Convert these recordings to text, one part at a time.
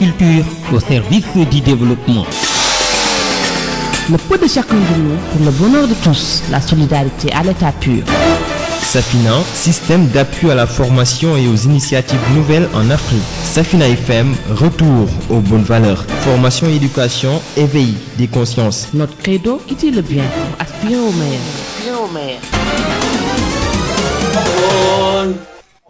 culture au service du développement. Le pot de chacun de nous pour le bonheur de tous, la solidarité à l'état pur. Safina, système d'appui à la formation et aux initiatives nouvelles en Afrique. Safina FM, retour aux bonnes valeurs. Formation et éducation, éveil des consciences. Notre credo, quittez le bien Aspire au meilleur.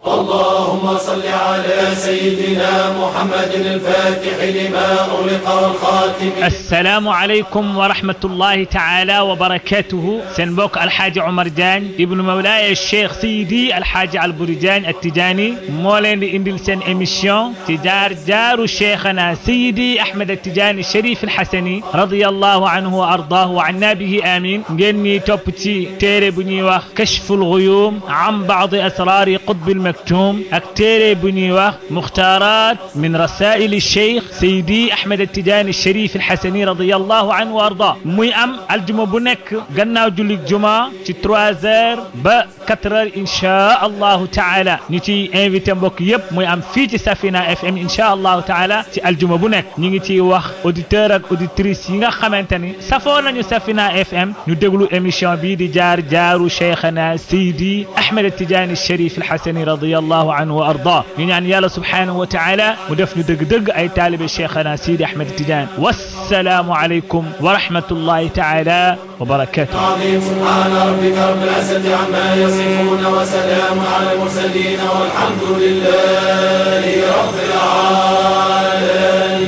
اللهم صل على سيدنا محمد الفاتح لما أغلق الخاتم السلام عليكم ورحمة الله تعالى وبركاته سنبوك الحاج عمر جان ابن مولاي الشيخ سيدي الحاج البرجان التجاني مولين لإندلسن سن اميشيون تجار جار شيخنا سيدي أحمد التجاني الشريف الحسني رضي الله عنه وأرضاه وعنا به آمين جني توبتي تيري بنيوة كشف الغيوم عن بعض أسرار قطب المسجد مكتوم أكتيري بنيوة مختارات من رسائل الشيخ سيدي أحمد التجاني الشريف الحسني رضي الله عنه وأرضاه مي أم الجمو بنك قلنا جل الجمعة تتروازر بكتر إن شاء الله تعالى نتي انفيتم بوك يب مي أم في سفينة اف ام إن شاء الله تعالى تي الجمو بنك نيجي واخ اوديتورك اوديتريس ييغا خامتاني سافونا نيو سفينة اف ام نيو ديغلو ايميشن بي دي جار جارو شيخنا سيدي احمد التجاني الشريف الحسني رضي رضي الله عنه وأرضاه يعني يالا سبحانه وتعالى ودفن دق دق أي طالب الشيخنا سيدي أحمد التجان والسلام عليكم ورحمة الله تعالى وبركاته عظيم سبحان ربك رب العزة عما يصفون وسلام على المرسلين والحمد لله رب العالمين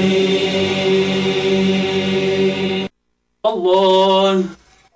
الله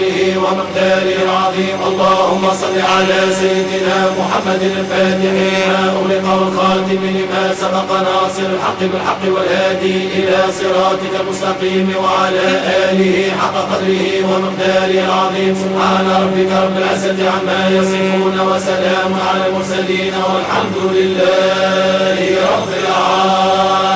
خلقه ومقداره العظيم اللهم صل على سيدنا محمد الفاتح لما أغلق والخاتم لما سبق ناصر الحق بالحق والهادي إلى صراطك المستقيم وعلى آله حق قدره ومقداره العظيم سبحان ربك رب العزة عما يصفون وسلام على المرسلين والحمد لله رب العالمين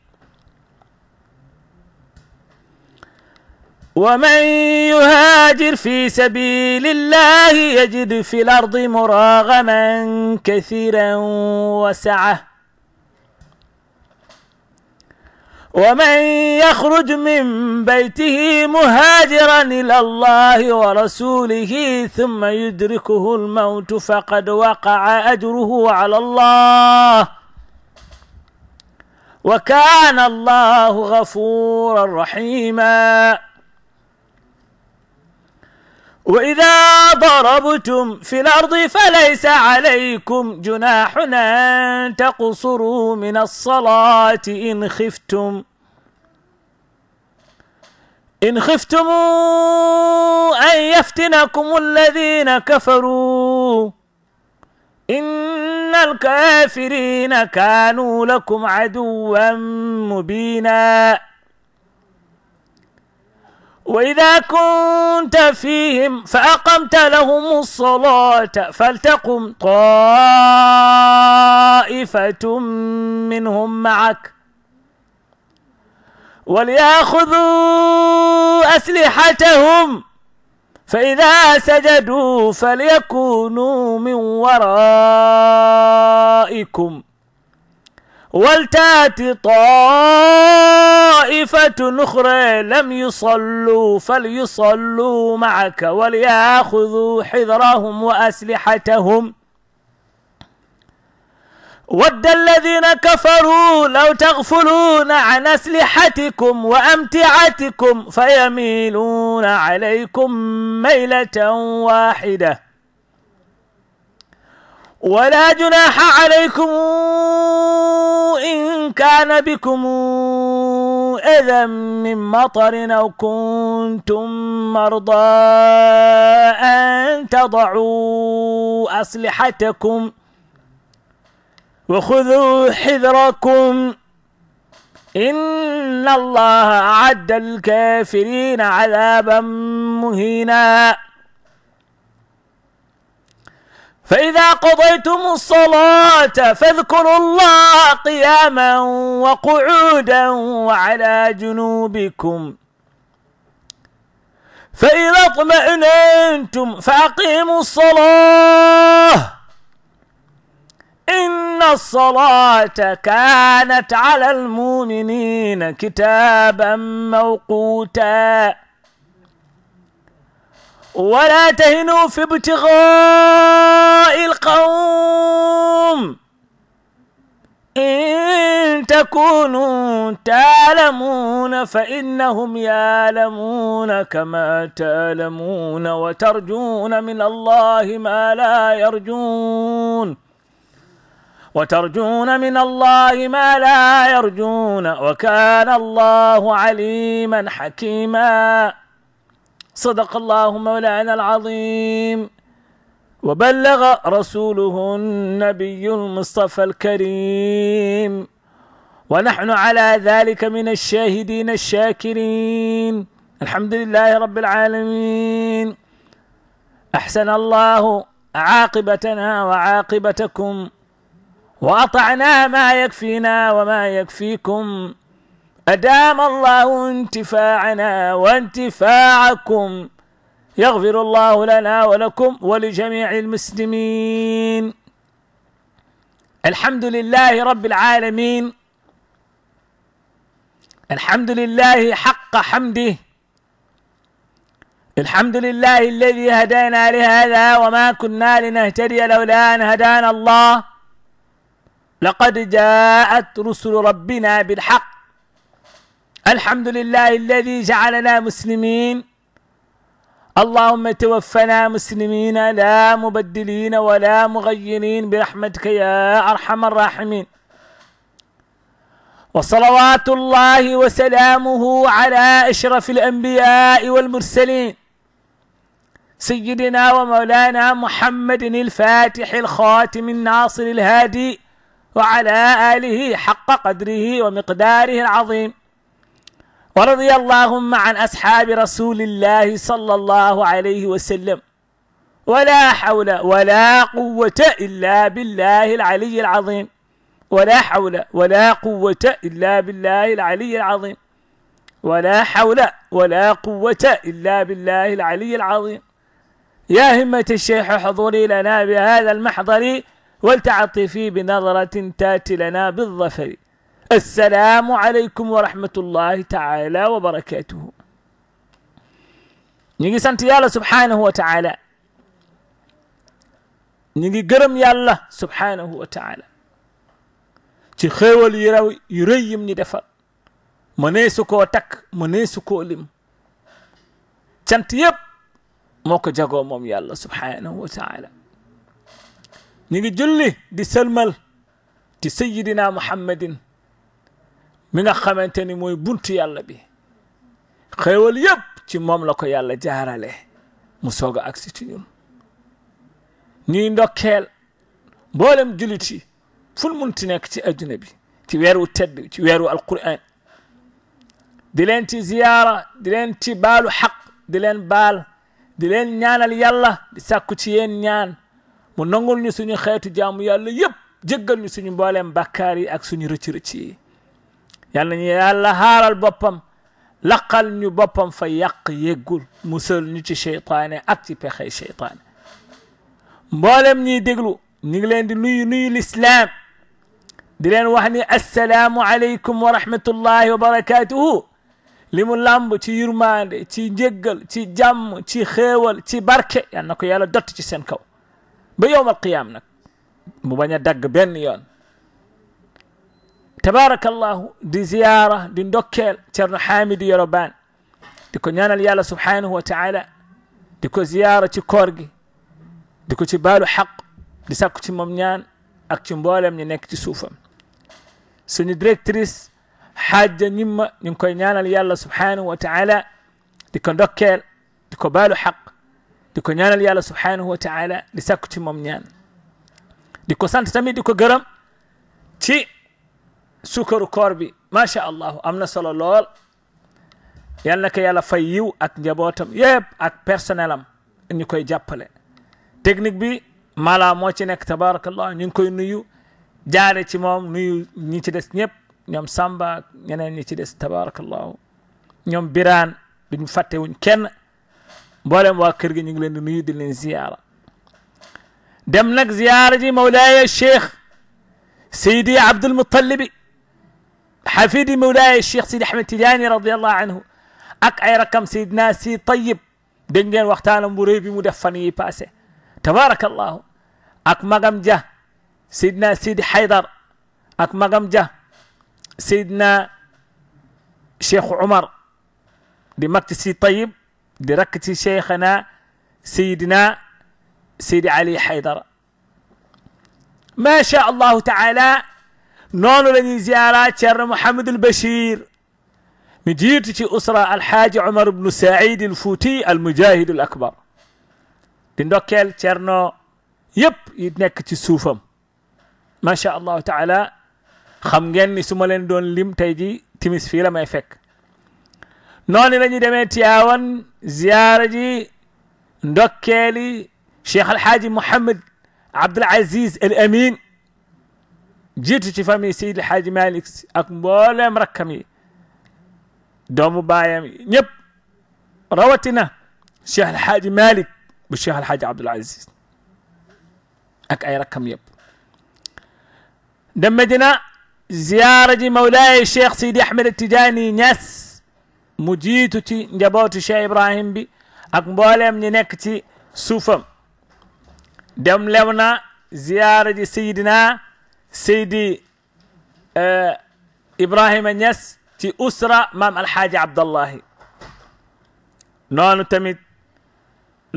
ومن يهاجر في سبيل الله يجد في الأرض مراغما كثيرا وسعة ومن يخرج من بيته مهاجرا إلى الله ورسوله ثم يدركه الموت فقد وقع أجره على الله وكان الله غفورا رحيما وإذا ضربتم في الأرض فليس عليكم جناح أن تقصروا من الصلاة إن خفتم إن خفتم أن يفتنكم الذين كفروا إن الكافرين كانوا لكم عدوا مبيناً وإذا كنت فيهم فأقمت لهم الصلاة فلتقم طائفة منهم معك وليأخذوا أسلحتهم فإذا سجدوا فليكونوا من ورائكم ولتات طائفة أخرى لم يصلوا فليصلوا معك وليأخذوا حذرهم وأسلحتهم ود الذين كفروا لو تغفلون عن أسلحتكم وأمتعتكم فيميلون عليكم ميلة واحدة ولا جناح عليكم إن كان بكم أذى من مطر أو كنتم مرضى أن تضعوا أسلحتكم وخذوا حذركم إن الله أعد الكافرين عذابا مهينا فإذا قضيتم الصلاة فاذكروا الله قياما وقعودا وعلى جنوبكم فإذا اطمئننتم فأقيموا الصلاة إن الصلاة كانت على المؤمنين كتابا موقوتا ولا تهنوا في ابتغاء القوم إن تكونوا تعلمون فإنهم يعلمون كما تعلمون وترجون من الله ما لا يرجون وترجون من الله ما لا يرجون وكان الله عليما حكيما صدق الله مولانا العظيم وبلغ رسوله النبي المصطفى الكريم ونحن على ذلك من الشاهدين الشاكرين الحمد لله رب العالمين احسن الله عاقبتنا وعاقبتكم واطعنا ما يكفينا وما يكفيكم أدام الله انتفاعنا وانتفاعكم يغفر الله لنا ولكم ولجميع المسلمين الحمد لله رب العالمين الحمد لله حق حمده الحمد لله الذي هدانا لهذا وما كنا لنهتدي لولا أن هدانا الله لقد جاءت رسل ربنا بالحق الحمد لله الذي جعلنا مسلمين اللهم توفنا مسلمين لا مبدلين ولا مغيرين برحمتك يا ارحم الراحمين وصلوات الله وسلامه على اشرف الانبياء والمرسلين سيدنا ومولانا محمد الفاتح الخاتم الناصر الهادي وعلى اله حق قدره ومقداره العظيم ورضي اللهم عن أصحاب رسول الله صلى الله عليه وسلم ولا حول ولا قوة إلا بالله العلي العظيم ولا حول ولا قوة إلا بالله العلي العظيم ولا حول ولا قوة إلا بالله العلي العظيم يا همة الشيخ حضوري لنا بهذا المحضر ولتعطفي بنظرة تاتي لنا بالظفر السلام عليكم ورحمة الله تعالى وبركاته نيجي سنت يالله سبحانه وتعالى نيجي قرم يالله سبحانه وتعالى ci xéewal yu raw yu rëy yim ñi defal mënee su koo takk mënee su koo lim cant yëpp moo ko jagoo moom yàlla subhanahu wa taala ñu ngi julli di sëlmal ci sayidina muhammadin mi nga xamante ni mooy buntu yàlla bi xéewal yépp ci moom la ko yàlla jaarale mu soog a agsi ci ñun ñuy ndokkeel mboolem jullit yi ful munti nekk ci adduna bi ci weeru tedd ci weeru alquran di leen ci ziyaara di leen ci baalu xaq di leen baal di leen ñaanal yàlla di sàkku ci yéen ñaan mu nangul ñu suñu xeetu jaamu yàlla yépp jéggal ñu suñu mbooleem bàkkaar yi ak suñu rëcc yàlla ñu yàlla xaaral boppam laqal ñu boppam fa yàq yëggul musal ñu ci cheytaane ak ci pexey cheytaane mboolem ñiy déglu ñu ngi leen di nuyu nuyu lislaam di leen wax ni assalaamu aleykum wa rahmatullahi wa barakatuhu li mu làmb ci yurmaande ci njéggal ci jàmm ci xéewal ci barke yal na ko yàlla dott ci seen kaw ba yowm al qiyaam nag mu bañ a dagg benn yoon tabarakallahu di ziyara di ndokkeel ceerno hamidou yero bane di ko ñaanal yàlla subhanahu wa taala di ko ziyara ci koor gi di ko ci baalu xaq di sakku ci moom ñaan ak ci mboolem ñu nekk ci suufam suñu directrice xaaja ñimma ñu ngi koy ñaanal yàlla subhanahu wa taala di ko ndokkeel di ko baalu xaq di ko ñaanal yàlla subhanahu wa taala di sakku ci moom ñaan di ko sant tamit di ko gërëm sukkaru koor bi macha allah am na solo lool yal na ko yàlla fay yiw ak njabootam yëpp ak personnel am ñu koy jàppale technique bi mala moo ci nekk tabarakallah ñu ngi koy nuyu jaare ci moom nuyu ñi ci des ñëpp ñoom Samba ak ñeneen ci des tabarakallah ñoom Biraan duñ fàtte wuñ kenn mboolem waa kër gi ñu ngi leen di nuyu di leen ziyaara dem nag ziyaara ji mawlaaya cheikh Seydi Abdul حفيدي مولاي الشيخ سيدي احمد تجاني رضي الله عنه اقعي رقم سيدنا سي طيب دنجين وقتان مريبي مدفني باسه تبارك الله اك مقام جه سيدنا سيدي حيدر اك مقام جه سيدنا شيخ عمر دي مكتسي طيب دي ركتي شيخنا سيدنا سيدي علي حيدر ما شاء الله تعالى نونو لني زيارة شر محمد البشير مجيتي أسرة الحاج عمر بن سعيد الفوتي المجاهد الأكبر دندوكيل شرنو يب يدنك تسوفم ما شاء الله تعالى خمجن سمالين دون لم تيجي تمس فيلا ما يفك نوني لني دمتي آوان زيارجي دوكيلي شيخ الحاج محمد عبد العزيز الأمين جيت تفهمي سيد الحاج مالك أكم بولا مركمي دوم بايم يب روتنا شيخ الحاج مالك بالشيخ الحاج عبد العزيز أك أي ركم يب دمجنا زيارة مولاي الشيخ سيد أحمد التجاني ناس مجيتتي جبوت شيخ إبراهيم بي أكم بولا منكتي سوفم دم لونا زيارة سيدنا Seydi Ibrahima Niass ci usra maam alxaaji Abdallahi noonu tamit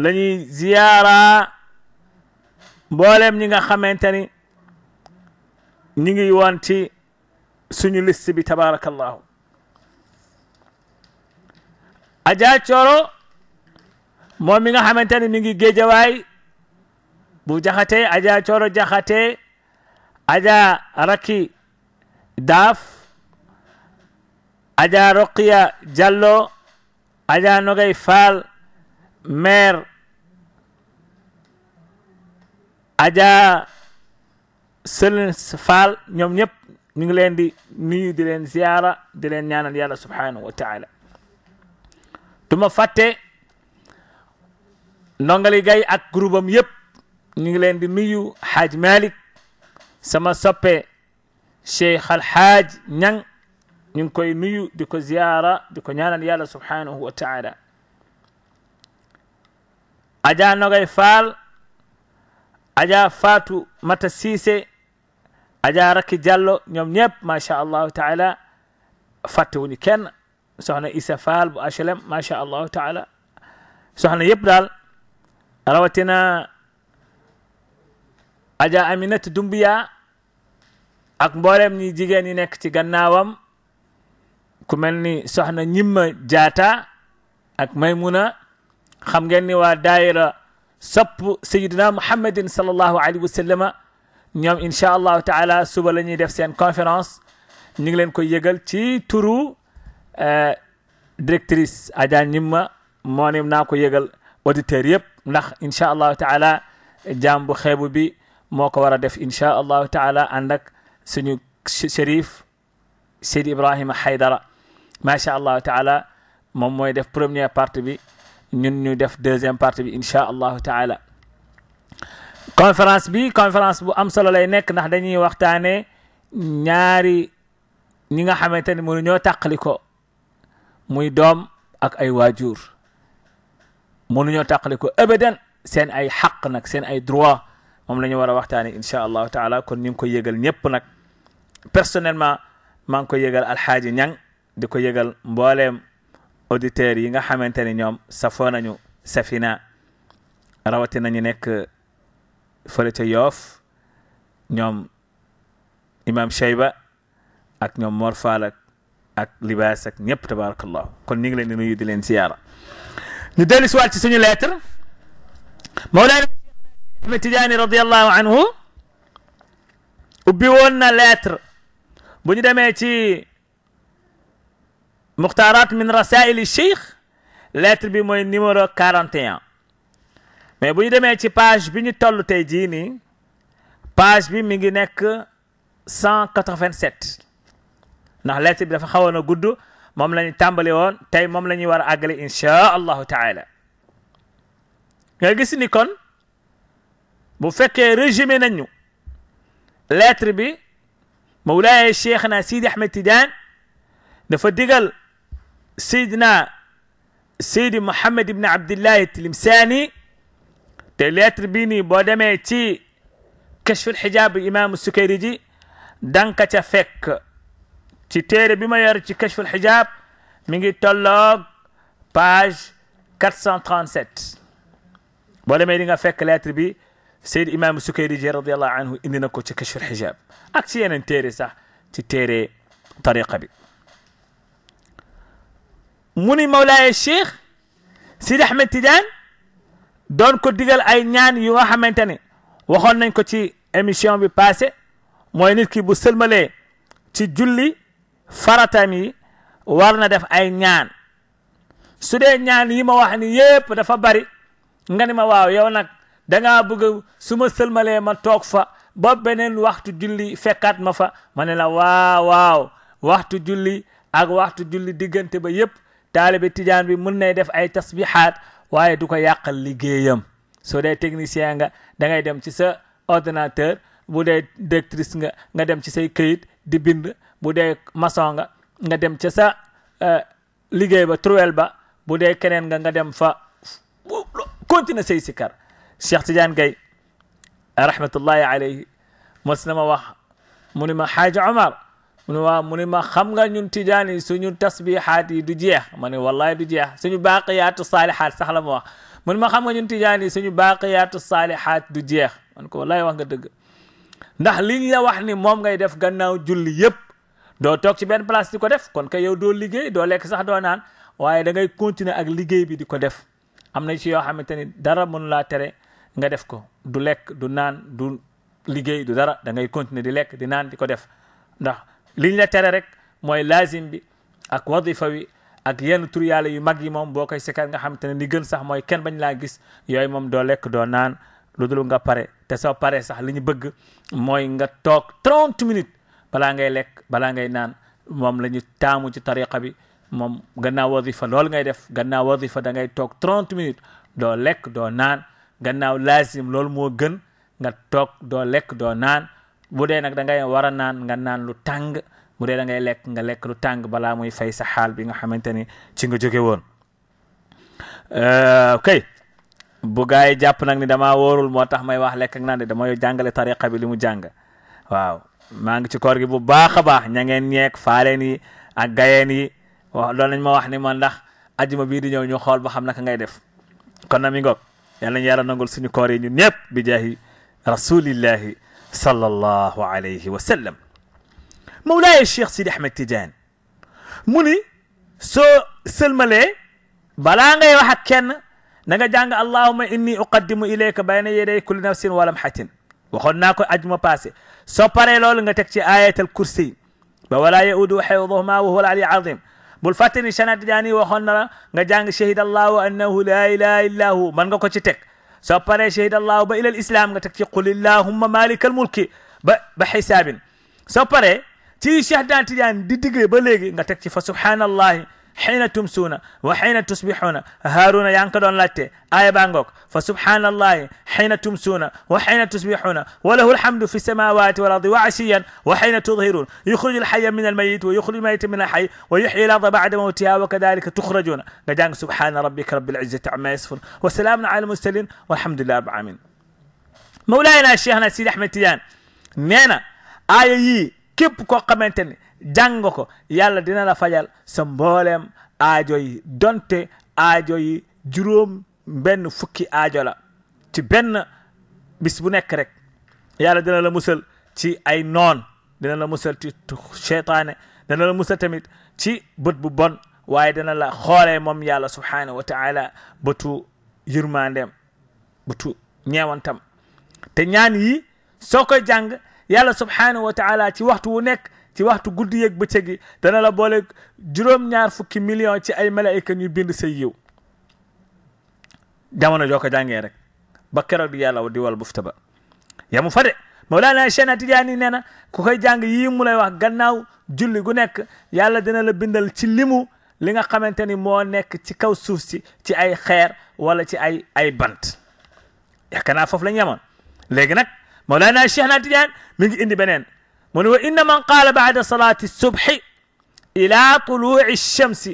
lañuy ñuy ziyaara mboolem ñi nga xamante ni ñu ngi woon ci suñu liste bi tabaarakallahu Ajaa moom mi nga xamante ni mi ngi géejawaay bu jaxatee Ajaa Coro jaxatee ajaa raki daaf ajaa roqiya jallo ajaa nogay faal maire ajaa selin faal ñoom ñëpp ñu ngi leen di nuyu di leen ziyaara di leen ñaanal yàlla subhanahu wa taala duma fàtte ndongali ak groupam yëpp ñu ngi leen di nuyu Haaj sama soppe cheikh alhaaj ñang ñu ngi koy nuyu di ko ziyaara di ko ñaanal yàlla subhanahu wa taala aja nogay faal aja faatu mata siise aja rakki diallo ñoom ñëpp macha allahu taala fàttewuñu kenn soxna isa faal bu HLM macha allahu taala soxna yëpp daal rawatina Aja Aminata Dumbuya ak mboolem ñi jigéen ñi nekk ci gannaawam ku mel ni soxna ñimma jaata ak maymuna xam ngeen ni waa daayira sopp sayidina muhammadin sallallahu alayhi wa sallama ñoom incha allahu taala suba la ñuy def seen conférence ñu ngi leen koy yëgal ci turu eh, directrice Adja ñimma moo ne naa ko yëgal auditeurs yëpp ndax incha allahu taala jaam bu xeebu bi moo ko war a def incha allahu taala ànd ak suñu shérif Seydi Ibrahima Haydara macha allahu taala moom mooy def première partie bi ñun ñu def deuxième partie bi incha allahu taala conférence bi conférence bu am solo lay nekk ndax dañuy waxtaane ñaari ñi nga xamante ne mënu ñoo tàqali ko muy doom ak ay waajur mënuñoo tàqali ko abadan seen ay xaq nag seen ay droit mom lañu wara war insha allah taala kon ñing ngi koy yëgal ñëpp nak personnellement ma ngi koy yëgal alxaaji ñang diko ko yëgal mbooleem auditeurs yi nga xamanteni ñom safo nañu safina rawati nañu nek fële ci yof ñom imam shayba ak ñom morfal ak ak libas ak ñëpp tabarakallahu kon ñing leen di nuyu di leen ziyara ñu delisu si ci suñu lettre mawlana ابن tijaani radiallahu anhu ubbi woon na lettre bu ñu demee ci muxtaarat min rasaili cheikh lettre bi mooy numéro 41 mais bu ñu demee ci page bi ñu toll tey jii nii page bi mi ngi nekk 187 ndax lettre bi dafa xawoon a gudd moom la ñu tàmbali woon tey moom la ñuy war a àggale inchaa allahu taala nga gis ni kon bu fekkee résumé nañu lettre bi mawlaaya cheikhna sidi ahmed tidiane dafa digal sidna sidi mohammed ibn abdillahi tilimsaani te lettre bii nii boo demee ci kashful xijaab imaamu sukayriji danka ca fekk ci téere bi ma yor ci kashful xijaab mi ngi tolloog page 437 boo demee di nga fekk lettre bi seydi imamu sukayri je radiallahu anhu indina ko ci kashful hijab ak ci yeneen téere sax ci téere tariqa bi mu ni mawlaaye cheikh sidi ahmed tidiane doon ko digal ay ñaan yu nga xamante ne waxoon nañ ko ci émission bi passé mooy nit ki bu sëlmalee ci julli faratam yi war na def ay ñaan su dee ñaan yi ma wax ni yépp dafa bari nga ni ma waaw yow nag dangaa bëgg su ma sëlmalee ma toog fa ba beneen waxtu julli fekkaat ma fa ma ne la waaw waaw waxtu julli ak waxtu julli diggante ba yépp taalibe tijaan bi mën nay def ay tasbihaat waaye du ko yàqal liggéeyam soo dee technicien nga da ngay dem ci sa ordinateur bu dee directrice nga nga dem ci say këyit di bind bu dee maçon nga dem ca sa euh, liggéey ba truelle ba bu dee keneen nga nga dem fa continuer say sikar Cheikh Tidiane Gaye rahmatullahi alayhi mos na ma wax mu ni ma xaaji Omar mu ni ma xam nga ñun Tidiane yi suñu tasbihaat yi du jeex ma ne wallahi du jeex suñu baaqiyaatu saalihaat sax la ma wax mu ma xam nga ñun Tidiane yi suñu baaqiyaatu saalihaat du jeex man ko wallahi wax nga dëgg ndax liñ la wax ni moom ngay def gannaaw julli yépp doo toog ci benn place di ko def kon kay yow doo liggéey doo lekk sax doo naan waaye da ngay continuer ak liggéey bi di ko def am na ci yoo nga def ko du lekk du naan du liggéey du dara da ngay continuer di lekk di naan di ko def ndax liñ la tere rek mooy laazim bi ak wadifa wi ak yenn tur yàlla yu mag yi moom boo koy sikkaat nga xam te ne li gën sax mooy kenn bañ laa gis yooyu moom doo lekk doo naan lu dul nga pare te soo paree sax li ñu bëgg mooy nga toog 30 balaa ngay lekk balaa ngay naan moom la ñu taamu ci tariqa bi moom gannaaw wadifa loolu ngay def gannaaw wadifa da ngay toog 30 minutes doo lekk doo naan gannaaw laasim loolu moo gën nga toog doo lekk doo naan bu dee nag da ngay war a naan nga naan lu tàng bu dee da ngay lekk nga lekk lu tàng balaa muy fay sa xaal bi nga xamante ni ci nga jóge woon euh, kay bu gaay jàpp nag ni dama wóorul moo tax may wax lekk ak naan de damay jàngale tariqa bi li mu jàng waaw maa ngi ci koor gi bu baax a baax ña ngeen ñeeg faaleen yi ak gayeen yi wax lañ ma wax ni ma ndax ajuma bii di ñëw ñu xool ba xam naka ngay def kon na mi ngoog yal nañu yàlla nangul suñu koor yi ñun ñëpp bi jaahi rasulillahi sallallahu alayhi wa sallam mawlaaye cheikh sidi ahmed tidiane mu ni soo sëlmalee balaa ngay wax ak kenn na nga jàng allahuma inni uqaddimu ilayka bayna yaday kulli nafsin walam xatin waxoon naa ko ajuma passé soo paree loolu nga teg ci ayatal kursi ba walaa yaudu xewduhuma wa huwa al ali azim bul fatani ni dani waxon na nga jàng shahid allah annahu la ilaha illa hu man nga ko ci tek so pare shahid allah ba ila al islam nga tek ci qul illahumma malikal mulki ba ba xisaabin soo paree ci Cheikh Tidiane di digge ba legi nga tek ci fa subhanallah حين تمسون وحين تصبحون هارون ينقلون لاتي آية بانغوك فسبحان الله حين تمسون وحين تصبحون وله الحمد في السماوات والأرض وعشيا وحين تظهرون يخرج الحي من الميت ويخرج الميت من الحي ويحيي الأرض بعد موتها وكذلك تخرجون قدان سبحان ربك رب العزة عما يصفون وسلام على المرسلين والحمد لله رب العالمين مولاينا الشيخنا سيد أحمد تيان نينا آية يي كيب كو قمنتني jàng ko yàlla dina la fajal sa mbooleem aajo yi donte aajo yi juróom benn fukki aajo la ci benn bis bu nekk rek yàlla dina la musal ci ay noon dina la musal ci cheytaane dina la musal tamit ci bët bu bon waaye dina la xoolee moom yàlla subhaanahu wa taala bëtu yërmandeem bëtu ñeewantam te ñaan yi soo koy jàng yàlla subhaanahu wa taala ci waxtu wu nekk ci waxtu gudd yeeg bëccëg gi dana la boole juróom-ñaar fukki million ci ay malaayka ñuy bind say yiw jamono joo ko jàngee rek ba keroog di yàlla di wal bufta ba yamu fa de Mawlaana Cheikh Ahmad Tijaani nee na ku koy jàng yii mu lay wax gannaaw julli gu nekk yàlla dina la bindal ci limu li nga xamante ni moo nekk ci kaw suuf si ci ay xeer wala ci ay ay bant yaakaar naa foofu la ñu yemoon léegi nag Mawlaana beneen من وإن من قال بعد صلاة الصبح إلى طلوع الشمس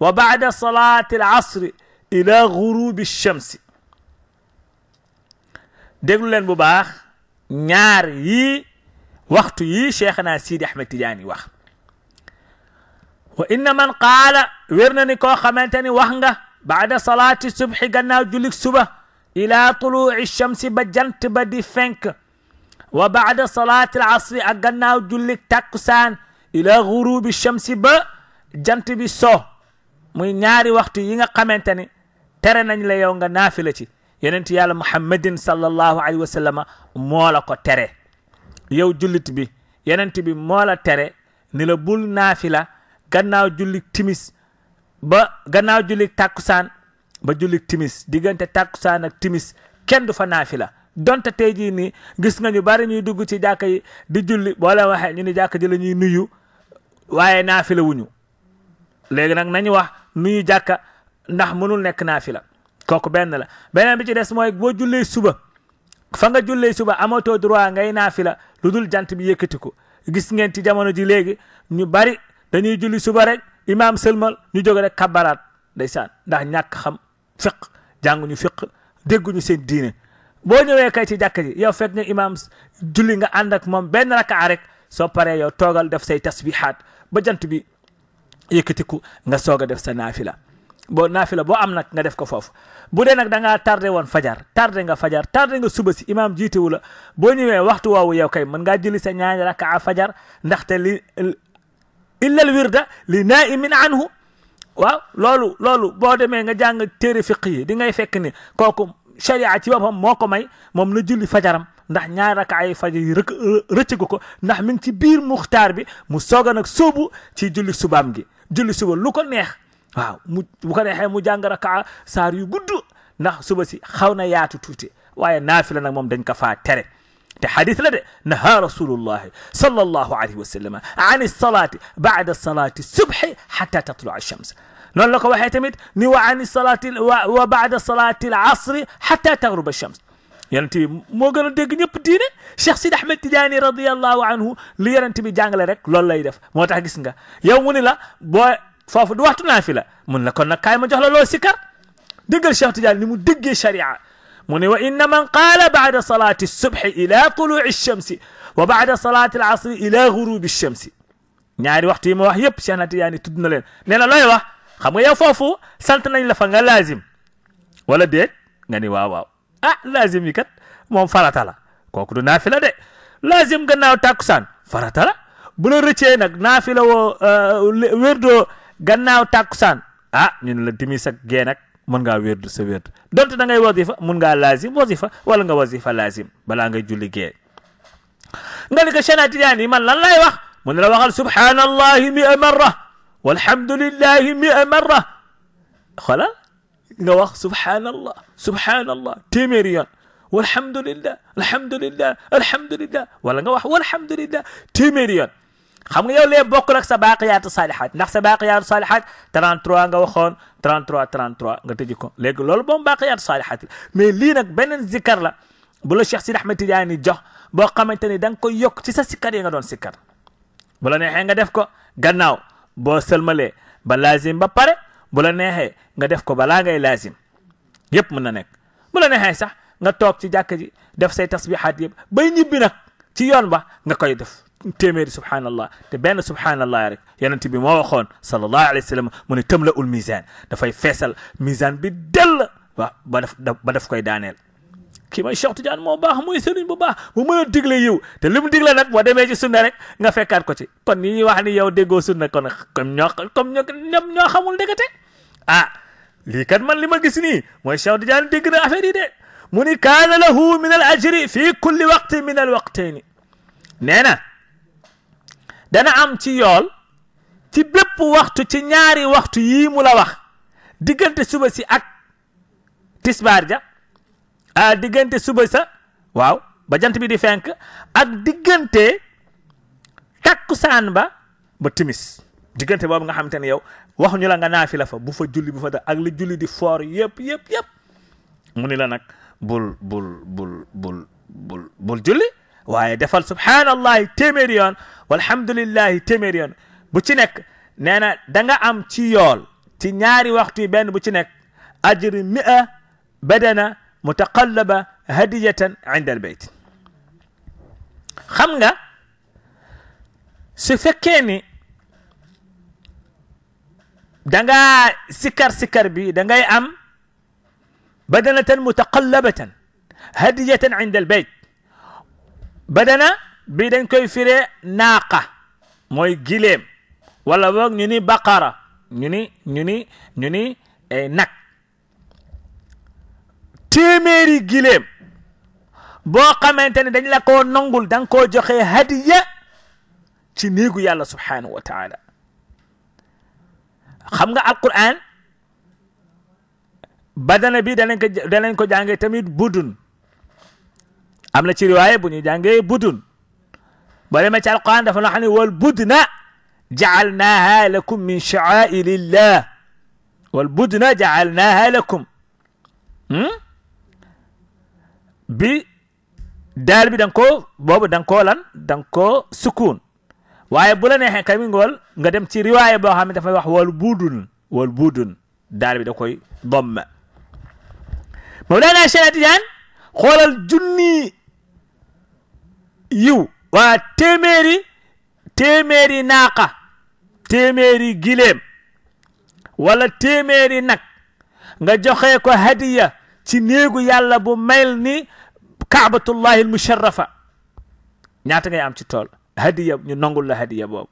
وبعد صلاة العصر إلى غروب الشمس déglu leen bu baax ñaar yii waxtu yii Cheikhna Sidi Ahmed Tidiane wax wa inna man qaala wér na ni koo xamante ni wax nga baada salaati subxi gannaaw julik suba ila tuluci shamsi ba jant ba di fenk wa baada salaati al asri ak gannaaw jullik tàkkusaan ila gurubi shamsi ba jant bi so muy ñaari waxtu yi nga xamante ni tere nañ la yow nga naafila ci yonent yàlla muhammadin sallallahu alayhi wa sallama moo la ko tere yow jullit bi yonent bi moo la tere ni la bul naafila gannaaw jullik timis ba gannaaw jullik tàkkusaan ba jullik timis diggante tàkkusaan ak timis kenn du fa naafila donte tey jii nii gis nga ñu bari ñuy dugg ci jàkka yi di julli boola leen waxee ñu ni jàkka ji la ñuy nuyu waaye naafila wuñu léegi nag nañu wax nuyu jàkka ndax mënul nekk naafila kooku benn la beneen bi ci des mooy boo jullee suba fa nga jullee suba amatoo droit ngay naafila lu dul jant bi yëkkati ko gis ngeen ti jamono ji léegi ñu bari dañuy julli suba rek imaam sëlmal ñu jóge rek day ndeysaan ndax ñàkk xam fiq jànguñu fiq dégguñu seen diine boo ñëwee kay ci jàkk ji yow fekk ne imam julli nga ànd ak moom benn rakaa rek soo paree yow toogal def say tasbihaat ba jant bi yëkkatiku nga soog def sa bo naafila boo am nag nga def ko foofu bu dee nag da ngaa tardé woon fajar tardé nga fajar tardé nga suba si imam jiitewu la boo ñëwee waxtu woowu yow kay mën ngaa julli sa ñaari rakaa fajar ndaxte li illa al wirda li naimin anhu waaw loolu loolu boo demee nga jàng téere fiq yi di ngay fekk ni kooku sharia ci boppam moo ko may moom na julli fajaram ndax ñaar ak ay fajar yu rëkk rëccagu ko ndax mi ngi ci biir muxtaar bi mu soog a nag sóobu ci julli subaam gi julli suba lu ko neex waaw mu bu ko neexee mu jàng raka saar yu gudd ndax suba si xaw na yaatu tuuti waaye naafila nag moom dañ ko faa tere te xadis la de naha rasulullahi sallallahu alayhi wa sallam an salaati baada salaati subhi xata tatlu alshams نلقى واحد تمت عن الصلاة وبعد الصلاة العصر حتى تغرب الشمس يعني مو قال دق نيب شيخ سيد أحمد تداني رضي الله عنه لي أنت بيجان على رك لولا يدف ما تحكي سنجا يوم ولا بوا فاف دوا تنا فيلا من لكنا كاي ما جهل الله سكر دق الشيخ تداني مو دق الشريعة من وإن من قال بعد صلاة الصبح إلى طلوع الشمس وبعد صلاة العصر إلى غروب الشمس نعري وقت ما يب شأن تداني تدنا لين نلا لا يبقى xam nga yow foofu sant nañ la fa nga lazim wala déet nga ni waaw waaw ah lazim yi kat moom farata la kooku du naafila de lazim gannaaw tàkkusaan farata la bu la rëccee nag naafila woo wérdoo gannaaw tàkkusaan ah ñu ne la timis ak gee nag mën ngaa wérdu sa wérd donte da ngay wasifa mën ngaa lazim wasifa wala nga wasifa lazim balaa ngay julli gee nga ni ko chenatidaan yi man lan lay wax mu ne la waxal subhanallahi mi marra والحمد لله مئة مرة خلاص nga wax subhanallah subhanallah téeméeri yoon walhamdulillah alhamdulillah alhamdulillah wala nga wax walhamdulillah téeméeri yoon xam nga yow lee bokkul ak sa baaqiyaatu saalihaat ndax sa baaqiyaatu saalihaat 33 nga waxoon 33 33 nga tëj ko léegi loolu moom baaqiyaatu saalihaat la mais lii nag beneen zikkar la bu la Cheikh Sidi Ahmed Tidiane jox boo xamante ni da nga koy yokk ci sa sikkar yi nga doon sikkar bu la neexee nga def ko gannaaw boo sëlmalee ba laazim ba pare bu la neexee nga def ko balaa ngay laazim yëpp mën na nekk bu la neexee sax nga toog ci jàkk ji def say tasbihaat yëpp bay ñibbi nag ci yoon ba nga koy def téeméeri subhanallah te benn subhanallah rek yonent bi moo waxoon sallallahu alayhi wa sallam mu ne tëmla ul misaan dafay feesal misaan bi dell ba ba def ba def koy daaneel kii mooy Cheikh Tidiane moo baax mooy sëriñ bu baax bu mën a digle yiw te li mu digle nag boo demee ci sunna rek nga fekkaat ko ci kon ñi ñuy wax ni yow déggoo sunna kon comme ñoo comme ñoom ñoo xamul ndekete ah lii kat man li ma gis nii mooy Cheikh Tidiane dégg na affaire yi de mu ni kaana lahu min al ajri fii kulli waqti min al waqtayni nee na dana am ci yool ci bépp waxtu ci ñaari waxtu yii mu la wax diggante suba si ak tisbaar ja a diggante suba sa waaw ba jant bi di fenk ak diggante takku takkusaan ba ba timis diggante boobu nga xamante ne yow wax ñu la nga naafi la fa bu fa julli bu fa da ak li julli di foor yëpp yëpp yëpp mu ni la nag bul bul bul bul bul bul julli waaye defal subhaanallahi téeméeri yoon walhamdulillahi téeméeri yoon bu ci nekk nee na da am ci yool ci ñaari waxtu yi benn bu ci nekk ajri mia badana mutaqallaba hadiyatan inda al bayt xam nga su fekkee ni dangaa sikar sikar bi da ngay am badanatan mutaqallabatan hadiyatan inda al bayt badana bi dañ koy firee naaqa mooy gileem wala boog ñu ni baqara ñu ni ñu ni ñu ni eh, nag téeméeri giléem boo xamante ne dañ la koo nongul da nga koo joxe hadiya ci néegu yàlla subhanahu wa taala xam nga alquran badana bi danañ ko danañ ko jàngee tamit budun am na ci riwaaye bu ñuy jàngee budun boo demee ci alquran dafa noo xam ne wal budna jacalnaaha lakum min sha'airi llah wal budna jacalnaaha lakum bi daal bi dang ko koo boobu da nga koo ko da waaye bu la neexee ngool nga dem ci riwaaya boo xam ne dafay wax wal buudun wal buudun daal bi da koy domme Mawlana Cheikh Tidiane xoolal junni yiw waa téeméeri téeméeri naaqa téeméeri gileem wala téeméeri nag nga joxe ko hadiya تنيغو يالا بو ميل ني كعبة الله المشرفة نياتا غي أم تطول هدية نيو نونغو لا هدية بو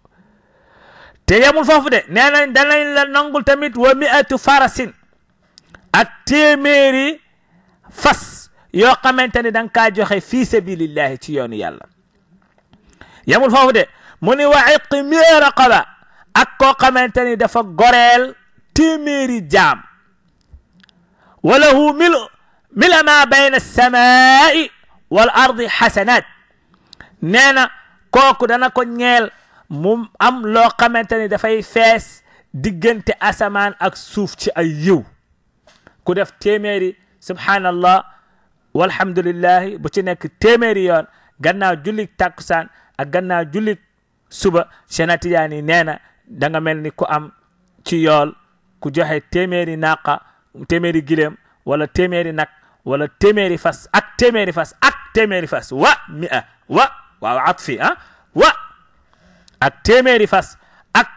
تيامو الفوفو دي نيانا دانا يلا نونغو تميت ومئة فارسين التيميري فس يو قمن تاني دان كاجو خي في سبيل الله تيوني يالا يامو الفوفو موني وعيق ميرا قبا أكو قمن تاني دفا غوريل تيميري جام wa lahu mila ma bayna alsamaai wal ardi xasanaat nee na kooku dana ko ñeel mu am loo xamante ni dafay fees diggante asamaan ak suuf ci ay yiw ku def téeméeri subhaanallah walhamdulillahi bu ci nekk téeméeri yoon gannaaw jullik tàkkusaan ak gannaaw jullik suba senatiyaani nee na da nga mel ni ku am ci yool ku joxe téeméeri naaqa téeméeri gileem wala téeméeri nag wala téeméeri fas ak téeméeri fas ak téeméeri fas wa mi a wa waaw at fi ah wa ak téeméeri fas ak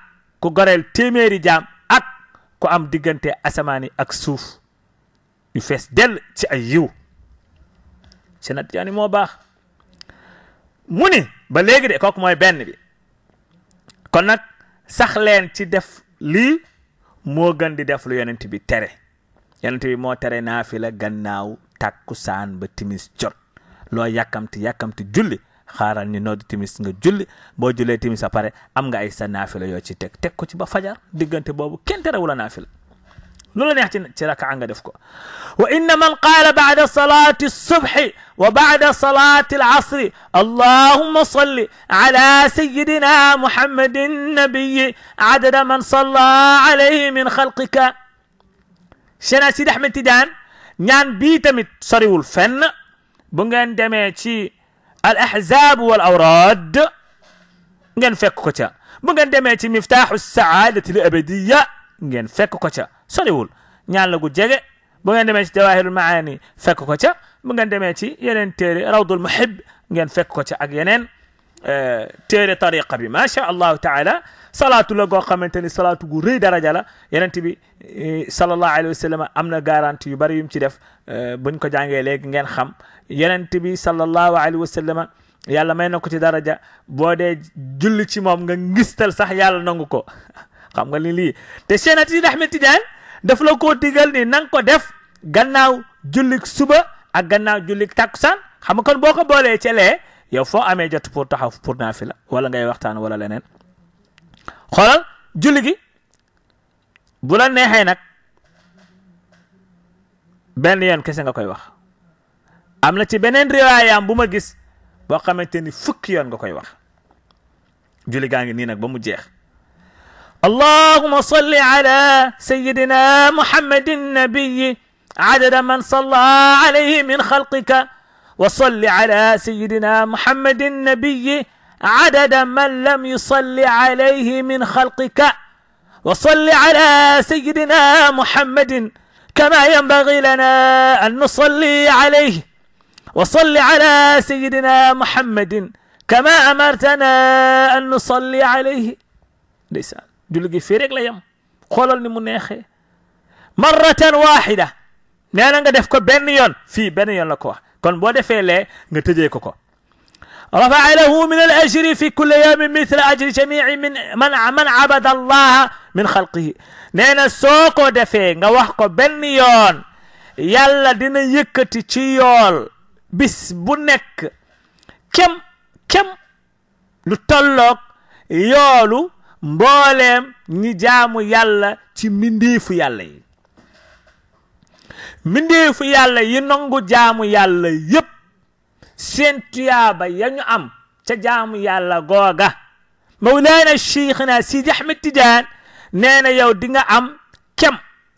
ku goreel téeméeri jaam ak ku am diggante asamaan yi ak suuf yu fees dell ci ay yiw Seex Tijaan moo baax mu ni ba léegi de kooku mooy benn bi kon nag sax ci def lii moo gën di def lu yonent bi tere yonent bi moo tere naafila gannaaw tàkkusaan ba timis jot loo yàkkamti yàkkamti julli xaaral ñu nodd timis nga julli boo jullee timis a pare am nga ay sa naafila yoo ci teg teg ko ci ba fajar diggante boobu kenn terewu la naafila loola neex ci ci rakaa nga def ko wa inna man qaala baada salaati subhi wa baada salaati alasri allahumma salli ala sayidina muhammadin nabiyi adada man salla alayhi min xalqika Cheikhna Sidi Ahmed Tidiane ñaan bii tamit soriwul fenn bu ngeen demee ci al ahzab wal awrad ngeen fekk ko ca bu ngeen demee ci miftaaxu saadati li abadiya ngeen fekk ko ca soriwul ñaan la gu jege bu ngeen demee ci jawahirul maani fekk ko ca bu ngeen demee ci yeneen téere rawdul muhib ngeen fekk ko ca ak yeneen téere tariqa bi ma sha allahu taala salaatu la goo xamante ni salaatu gu rëy daraja la yenent bi eh, sallallahu alayhi wa sallam am na garanti yu bari yum ci def eh, buñ ko jàngee léegi ngeen xam yenent bi sallallahu alayhi wa sallam yàlla may na ko ci daraja boo dee julli ci moom nga ngistal sax yàlla nangu ko xam nga li lii te Cheikh Sidi Ahmed Tidiane daf la koo digal ni na ko def gannaaw jullik suba ak gannaaw jullik takkusaan xam nga kon boo ko boolee celee yow foo amee jot pour taxaw pour naafila wala ngay waxtaan wala leneen xoolal julli gi bu la neexee nag benn yoon kese nga koy wax am na ci beneen riwaayaam bu ma gis boo xamante ni fukki yoon nga koy wax julli gaa ngi nii nag ba mu jeex allahuma salli ala sayidina muhammadin nabiyi adada man salla alayhi min xalqika wa salli ala sayidina muhammadin nabiyi عدد من لم يصلي عليه من خلقك وصل على سيدنا محمد كما ينبغي لنا أن نصلي عليه وصل على سيدنا محمد كما أمرتنا أن نصلي عليه ليس جلقي فيرق ليم خلال نمونيخي مرة واحدة نانا نغدفكو بنيون في بنيون لكوه كون بودفيلي نتجيكوكو رفع له من الأجر في كل يوم مثل أجر جميع من من, من عبد الله من خلقه نينا na soo nga wax ko ben yon yàlla dina yëkkati ci yool bis bu nekk kem kem lu tolloog yoolu mbooleem ñi jaamu yàlla ci mbindeefu yàlla yi mbindeefu yàlla yi nangu jaamu yàlla yépp seen tuyaaba ya ñu am ca jaamu yàlla googa mawlaana cheikhna sidi ahmed tidiane nee na yow di nga am kem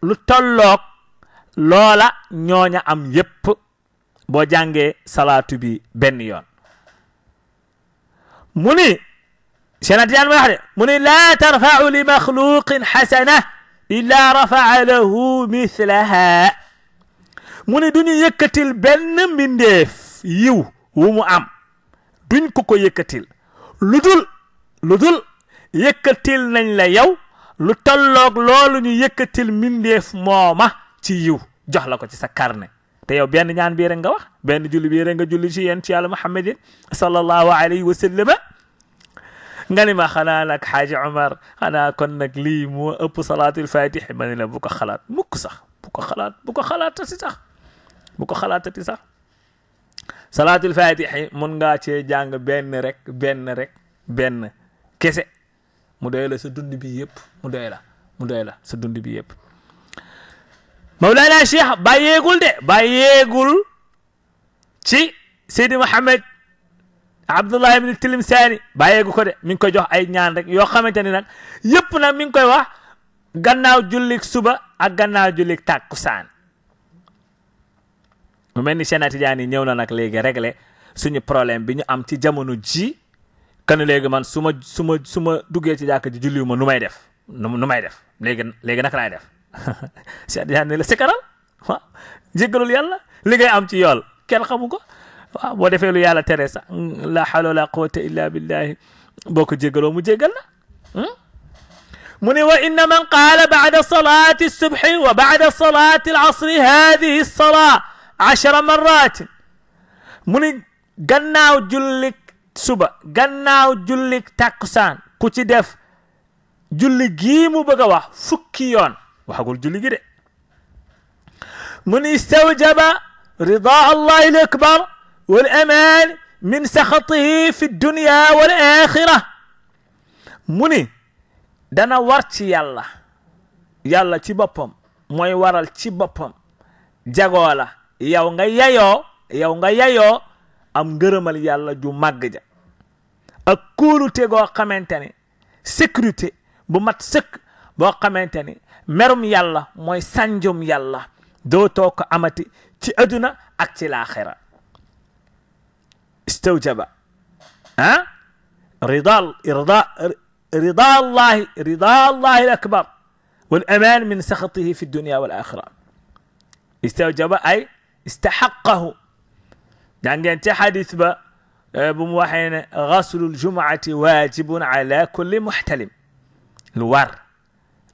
lu tolloog loola ñooña am yépp boo jàngee salaatu bi benn yoon mu ni cheikhna tidiane mooy wax de mu ni laa tarfau li maxluqin xasana illa rafaa lahu mithlaha mu ni du ñu yëkkatil benn mbindeef yiw wu mu am duñ ko ko yëkkatil lu dul lu dul yëkkatil nañ la yow lu tolloog loolu ñu yëkkatil mindeef mooma ci yiw jox la ko ci sa carnet te yow benn ñaan bii rek nga wax benn julli bii rek nga julli ci yéen ci yàlla muhammadin sallallahu alayhi wa sallama nga ni ma xanaa nag xaaji omar xanaa kon nag lii moo ëpp salaatul fatixi ma ne la bu ko xalaat mukk sax bu ko xalaat bu ko xalaatati sax bu ko xalaatati sax salaatul faatihi mun ngaa cee jàng benn rek benn rek benn kese mu doy sa dund bi yëpp mu doy la mu doy la sa dund bi yëpp Mawlana Cheikh bàyyeegul de bàyyeegul ci Seydi Mouhamed Abdullah ibn Tilimsaani bàyyeegu ko de mi ngi koy jox ay ñaan rek yoo xamante ni nag yëpp nag mi ngi koy wax gannaaw jullik suba ak gannaaw jullik kusaan mu mel ni Cheikh Tidiane ñëw na nag léegi réglé suñu problème bi ñu am ci jamono ji kan léegi man su ma su ma su ma duggee ci jàkk ji julliwu ma nu may def nu nu may def léegi léegi naka laay def Cheikh Tidiane ne la sikaral waaw jéggalul yàlla li ngay am ci yool kenn xamu ko waaw boo defee lu yàlla tere sax la hawla wala quwata illa billahi boo ko jéggaloo mu jéggal la من وإن من قال بعد صلاة الصبح وبعد صلاة العصر هذه الصلاة عشر مرات من gannaaw جلك suba gannaaw جلك تاكسان كوتي ci def جيمو gii mu bëgg a wax fukki yoon من استوجب رضا الله الأكبر والأمان من سخطه في الدنيا والآخرة مني دانا ورتي يالله يالله تي موي ورال تي بابم جاغولا yow nga yayoo yow nga yayoo am ngërëmal yàlla ju màgg ja ak kóolute goo xamante ne sécurité bu mat sëkk boo xamante ne merum yàlla mooy sànjum yàlla dootoo ko amati ci aduna ak ci laaxira istawjaba ah rida irda رضا الله رضا الله الأكبر والأمان من سخطه في الدنيا والآخرة استوجب أي استحقه يعني أنت حديث أبو آه، غسل الجمعة واجب على كل محتلم الوار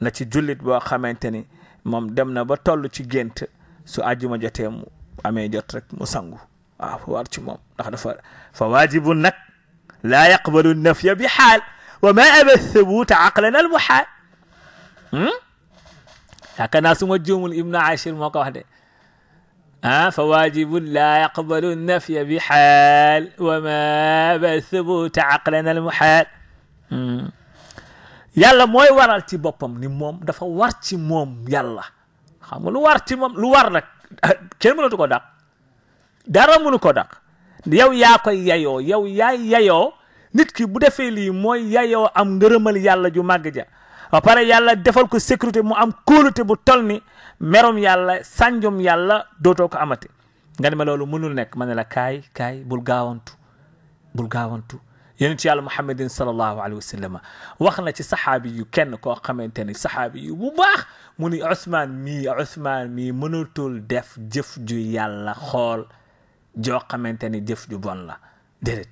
التي جلت بو خمانتني مم دمنا بطول لكي جنت سو أجي ما جاتي أمي جاترك مسانغو آه وارتي مم فواجب نك لا يقبل النفي بحال وما أبى الثبوت عقلنا المحال هم لكن ناس مجوم الإبن عاشر موقع هذا فواجب لا يقبل النفي بحال وما بل ثبوت عقلنا المحال يلا موي ورالتي بوبام ني موم دا فا وارتي موم يلا خام لو وارتي موم لو وار نك كين مولا تكو داك دارا مولا كو داك ياو يا كو يايو ياو يا يايو نيت كي بو دافي لي موي يايو ام غرمال يلا جو ماغجا با بار يلا ديفال كو سيكوريتي مو ام كولوتي بو تولني merom yàlla sànjum yàlla doto ko amate ngani ma lolou munul nek ma ne la kaay kaay bul gawantu bul gaawantu yonent yàlla muhammadin sallallahu alaihi wasallam waxna ci sahabi yu kenn ko xamanteni sahabi yu bu bax muni usman mi usman mi munutul def jëf ju yàlla xol jo xamanteni ni jëf ju bon la dedet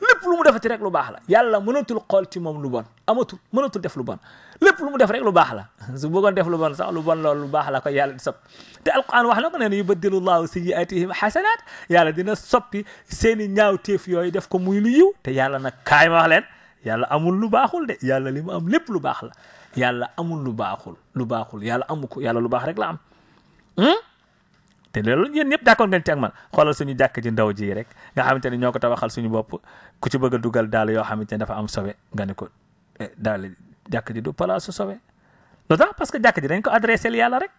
lépp lu mu defati rek lu bax la yàlla munutul xol ci mom lu bon amatu munutul def lu bon lépp lu mu def rek lu baax la su bëggoon def lu bon sax lu bon lu baax la ko yàlla di sopp te alquran wax na ko nee na yubaddilu llahu sayyiatihim hasanat yàlla dina soppi seen i ñaawteef yooyu def ko muy lu yiw te yàlla nag kaay ma wax leen yàlla amul lu baaxul de yàlla li mu am lépp lu baax la yàlla amul lu baaxul lu baaxul yàlla amu ko yàlla lu baax rek la am hmm? te loolu yéen ñëpp d'accord ngeen ci ak man xoolal suñu jàkk ji ndaw ji rek nga xamante ne ñoo ko tabaxal suñu bopp ku ci bëgg dugal daal yoo xamante ne dafa am sobe nga ne ko eh, daal jàkk ji du palaasu sobe lu tax parce que jàkk ji dañ ko adressé yàlla rek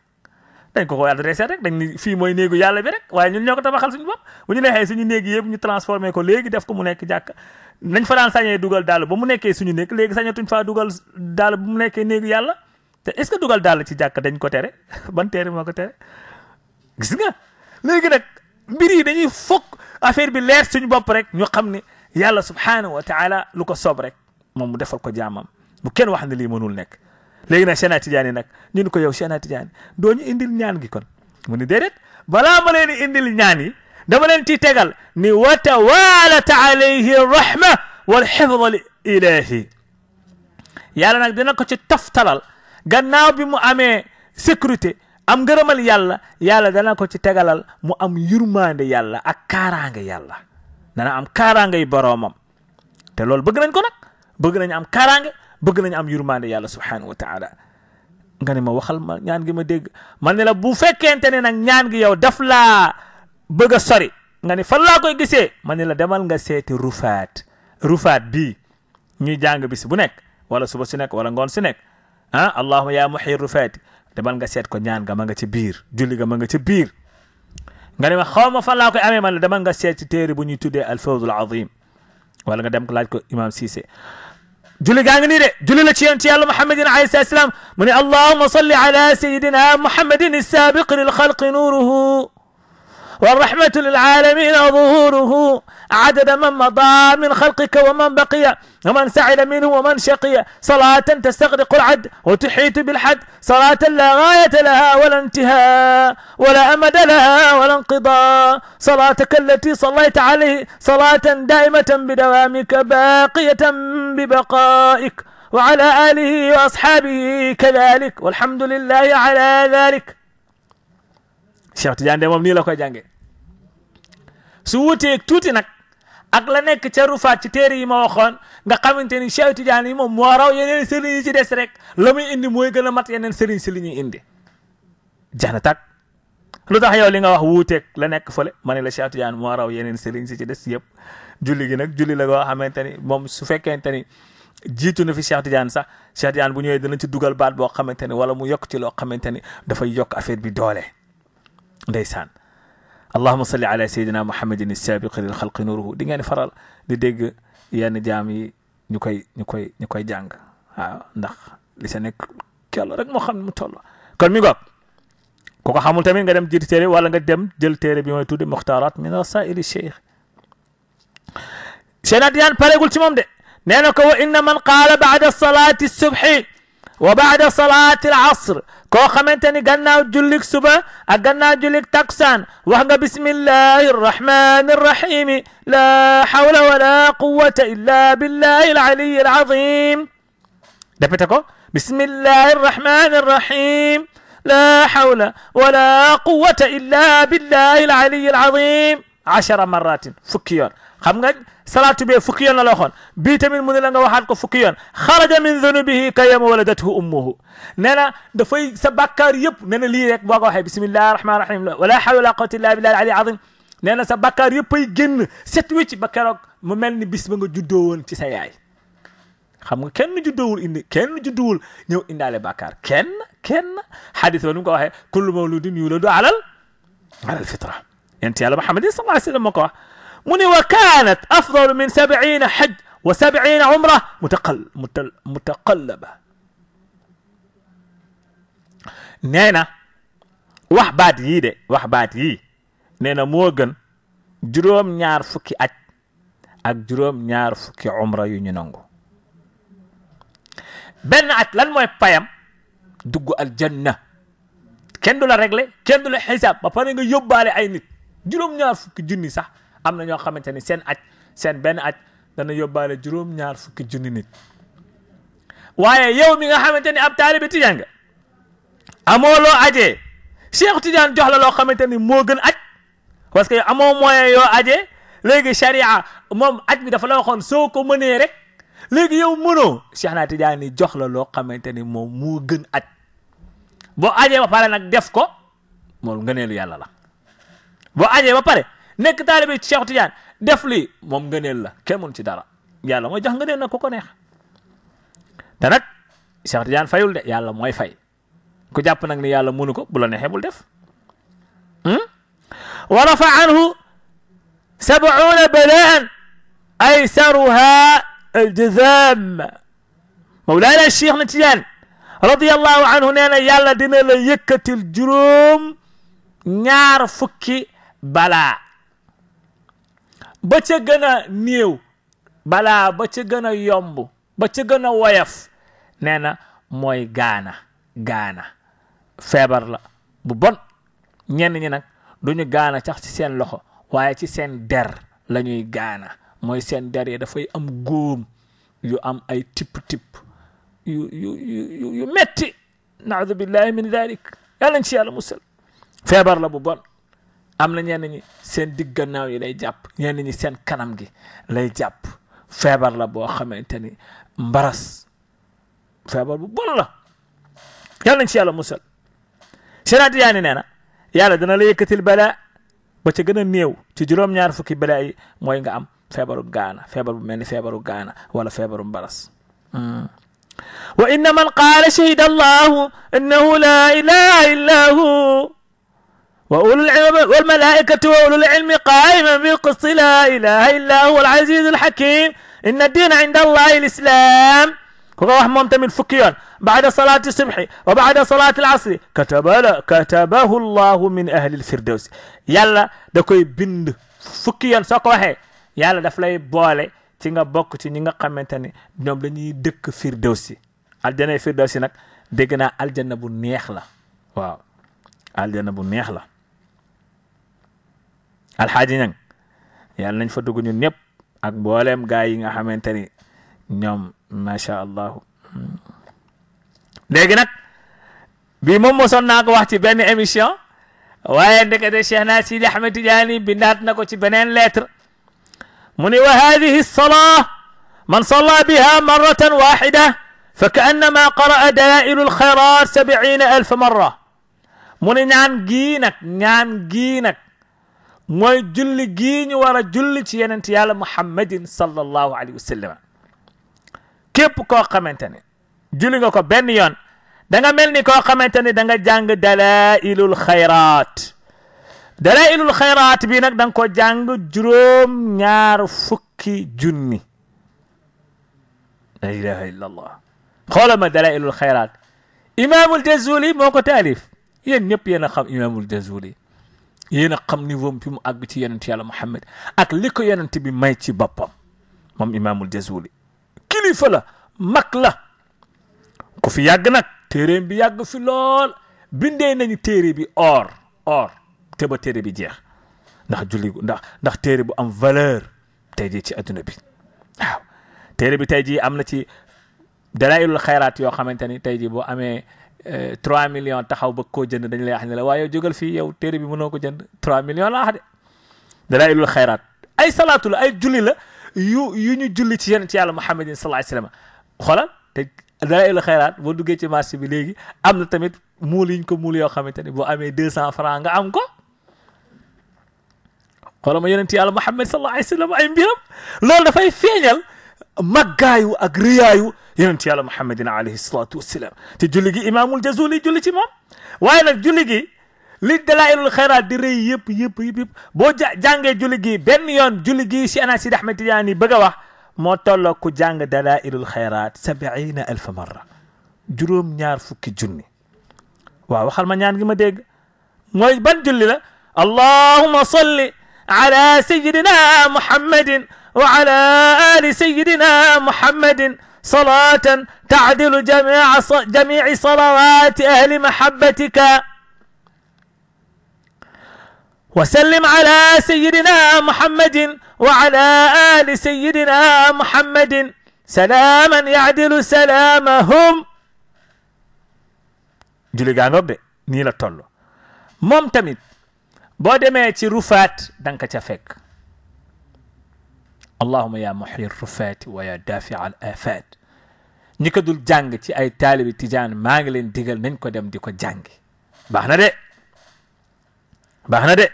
dañ ko koy adressé rek dañ ni fii mooy néegu yàlla bi rek waaye ñun ñoo ko tabaxal suñu bopp bu ñu neexee suñu néeg yëpp ñu transformé ko léegi def ko mu nekk jàkk nañ fa daan sañee dugal daal ba mu nekkee suñu néeg léegi sañatuñ faa dugal daal ba mu nekkee néegu yàlla te est ce dugal daal ci jàkk dañ ko tere ban teere moo ko tere gis nga léegi nag mbir yi dañuy fokk affaire bi leer suñu bopp rek ñu xam ne yàlla subhanahu wa taala lu ko soob rek moom mu defal ko jaamam bu kenn wax ne lii mënul nekk léegi nag Cheikh Ahmad Tidiane nag ñu ni ko yow Cheikh Ahmad Tidiane doo ñu indil ñaan gi kon mu ni déedéet balaa ma leen indil ñaan yi dama leen ciy tegal ni wa tawalat alayhi rahma wal xifdal ilahi yàlla na dana ko ci toftalal gannaaw bi mu amee sécurité am ngërëmal yàlla yàlla dana ko ci tegalal mu am yurmaande yàlla ak kaaraange yàlla dana am kaaraange yi boroomam te loolu bëgg ko nag bëgg am kaaraange bëgg nañ am yurmande yàlla subhanahu wa taala nga ne ma waxal ma ñaan gi ma dégg man ne la bu fekkente ne nag ñaan gi yow daf laa bëgg a sori nga ne fan laa koy gisee man ne la demal nga seeti rufaat rufaat bii ñuy jàng bis bu nekk wala suba si nekk wala ngoon si nekk ah allahuma yaa muxyi rufaati demal nga seet ko ñaan ga ma nga ci biir julli ga ma nga ci biir nga ne ma xaw ma fan laa koy amee man la demal nga seet ci téere bu ñuy tuddee al fawzul azim wala nga dem ko laaj ko imam Cissé جل جانني ده جل لا شيء أنتي الله محمد عيسى السلام من الله صل على سيدنا محمد السابق للخلق نوره والرحمة للعالمين ظهوره عدد من مضى من خلقك ومن بقي ومن سعد منه ومن شقي صلاة تستغرق العد وتحيط بالحد صلاة لا غاية لها ولا انتهاء ولا أمد لها ولا انقضاء صلاتك التي صليت عليه صلاة دائمة بدوامك باقية ببقائك وعلى آله وأصحابه كذلك والحمد لله على ذلك cheikh tidiane مبني لك nii la koy نك ak la nekk ca rufaat ci téere yi ma waxoon nga xamante ni Cheikh Tidiane yi moom moo raw yeneen sëriñ yi des rek la muy indi mooy gën a mat yeneen sëriñ si li ñuy indi jana tak lu tax yow li nga wax wuuteeg la nekk fële ma ne la Cheikh Tidiane moo raw yeneen sëriñ si ci des yëpp julli gi nag julli la goo xamante ni moom su fekkente ni jiitu na fi Cheikh Tidiane sax Cheikh Tidiane bu ñëwee dana ci dugal baat boo xamante ni wala mu yokk ci loo xamante ni dafay yokk affaire bi doole ndeysaan allahuma salli ala sayyidina muhammadin saabiqi lil xalqi nuruhu di ngeen faral di dégg yenn jaam yi ñu koy ñu koy ñu koy jàng waaw ndax li sa nekk kello rek moo xam ne mu toll kon mi ngoog ku ko xamul tamit nga dem jël téere wala nga dem jël téere bi mooy tudde muxtaaraat min rasaili cheikh seenaat yaan pareegul ci moom de nee na ko wa inna man qaala baada salaati subhi wa baada salaati al asr koo xamante ni gannaaw jullik suba ak gannaaw jullik taksaan wax nga bismillahi arrahmani arrahimi la hawla wala quwwata illa billahi alaliyi alazim dépété ko bismillahi arrahmani arrahim لا حول ولا قوة إلا بالله العلي العظيم عشر مرات فكيون xam nga salatu be fukki yoon la la bi tamit mu ne la nga waxat ko fukki yoon xaraja min dhunubihi ka yama waladathu ummuhu nee da fay sa bàkkaar yep nee li rek boko waxe bismillahir rahmanir rahmani rahim wala hawla wala quwwata illa billahi ali azim nee sa bàkkaar yep ay génn set wi ci keroog mu melni bis ba nga juddo won ci sa yaay xam nga kenn juddoowul indi kenn judduwul ñëw indale bàkkaar kenn kenn hadith ba nu ko waxe kullu mawludin yuladu ala al fitra انت يا محمد صلى الله عليه وسلم moo مني وكانت أفضل من سبعين حج وسبعين عمرة متقل متل متقلبة نينا واح بعد يي دي واح بعد يي نينا موغن جروم نيار فكي أج أك جروم نيار فكي عمرة يو نينانغو بن أت لن موي بايم دقو الجنة كندو لا رجلي كندو لا حساب بفرنغ يوبالي أي نيت جروم نيار فكي جني صح am na ñoo xamante ni seen aj seen benn aj dana yóbbaale juróom-ñaar fukki junni nit waaye yow mi nga xamante ni ab taalibe tijaan nga amoo loo ajee cheikh tijaan jox la loo xamante ni moo gën aj parce que amoo moyen yoo léegi sharia moom aj bi dafa la waxoon soo ko mënee rek léegi yow mënoo cheikh tijaan yi jox la loo xamante ni moom moo gën aj boo ajee ba pare nag def ko moom ngëneelu yàlla la boo ajee ba pare nek nekk ci Cheikh Tidiane def li mom ngeenel la kenn mun ci dara yàlla moy jox ngeenel nag ko ko neex te nak Cheikh Tidiane fayul de yàlla moy fay ku jàpp nak ni yàlla mënu ko bu la neexee bul def wa rafa anhu sabuuna balaan aysaruha aljazaam mawlaana Cheikh na Tidiane radiallahu anhu nee na yàlla dina la yëkkatil juróom ñaar fukki balaa ba ca gën a néew balaa ba ca gën a yomb ba ca gën a woyof nee na mooy gaana gaana feebar la bu bon ñenn ñi nag duñu gaana sax ci seen loxo waaye ci seen der la ñuy gaana mooy seen der yi dafay am góom yu am ay tipp-tipp yu yu yu yu metti naadu billahi min dalik yàllañ ci yàlla musal feebar la bu bon am na ñenn ñi seen digg gannaaw yi lay jàpp ñenn ñi seen kanam gi lay jàpp feebar la boo xamante ni mbaras feebar bu bon la yàlla nañ ci yàlla musal sénaat yaa ni nee na yàlla dana la yëkkatil balaa ba ca gën a néew ci juróom-ñaar fukki balaa yi mooy nga am feebar gaana feebar bu mel ni feebaru gaana wala feebaru mbaras hmm. wa inna man qaala shahida allahu annahu laa ilaha illa وأولو العلم والملائكة وأولو العلم قائما بالقسط لا إله إلا هو العزيز الحكيم إن الدين عند الله الإسلام وروح من فكيان بعد صلاة الصبح وبعد صلاة العصر كتب كتبه الله من أهل الفردوس يلا دكوي بند فكيان ساكوحي يلا دفلاي بولي تيغا بوك نيغا خامتاني نيوم لا دك فردوسي الجنة فردوسي نك دغنا الجنة بو نيهلا واو الجنه بو نيهلا alxaaji ñang yàlla nañ fa dugg ñun ñëpp ak mbooleem gaa yi nga xamante ni ñoom macha allahu léegi nag bii moom mosoon naa ko wax ci benn émission waaye ndekete cheikh na sidi ahmed tijaani bindaat na ko ci beneen lettre mu wa hadihi lsalaa man salla biha marratan waxida fa kaannama qaraa dalailu alxayrat sabina alfa marra mu ni ñaan gii nag mooy julli gii ñu war a julli ci yenent yàlla muhammadin sallallahu alayhi wa sallam képp koo xamante ne julli nga ko benn yoon da nga mel ni koo xamante ne da nga jàng dalailul xayraat dalailul xayraat bi nag da nga ko jàng juróom ñaar fukki junni la ilaha illa allah xoola ma dalailul xayraat imaamul jazuli moo ko taalif yéen ñëpp yéen a xam imaamul jazuli yena a xam niveau bi mu ag ci yonent yàlla Muhammad ak liko yenen yonent bi may ci bopam mom imamul Jazuli kilifa la mag la ku fi yag nak téeréem bi yag fi lol binde nañu tere bi or or te ba tere bi jeex ndax julli ndax ndax tere bu am valeur tay jii ci aduna bi waaw téere bi tay ji amna ci dalailul khairat yo xamanteni tay ji bo amé 3 millions taxaw ba koo jënd dañ la wax ne la waaye yow jógal fii yow téere bi mënoo ko jënd 3 millions la wax de dalaa'ilul xayraat ay salaatu la ay julli la yu yu ñu julli ci yonent yàlla Muhammadin sallallahu alayhi wasallam xoolal te dalaa'ilul xayraat boo duggee ci marché bi léegi am tamit muul yiñ ko muul yoo xamante ne boo amee 200 francs nga am ko xoolal ma yonent yàlla Muhammad sallallahu alayhi wasallam ay mbiram loolu dafay feeñal màggaayu ak yonent yàlla muhammad alayhi salaatu wasalaam te julli gi imaamul jazuli julli ci moom waaye nag julli gi li dalailul xayraat di rëy yëpp yëpp yëpp boo ja jàngee julli gi benn yoon julli gi si Anasid Ahmed Tidiane bëgg a wax moo tolloo ku jàng dalailul xayraat sabiina alfa marra juróom ñaar fukki junni waaw waxal ma ñaan gi ma dégg mooy ban julli la allahuma salli ala sayidina muhammadin wa ala ali sayidina muhammadin صلاة تعدل جميع جميع صلوات أهل محبتك وسلم على سيدنا محمد وعلى آل سيدنا محمد سلاما يعدل سلامهم julli gaa ngobbe nii la toll moom tamit boo اللهم يا محيي الرفات ويا دافع الافات نكدو دول تي اي طالب تيجان ماغلين ديغل نينكو دم ديكو جانغ باخنا دي باخنا دي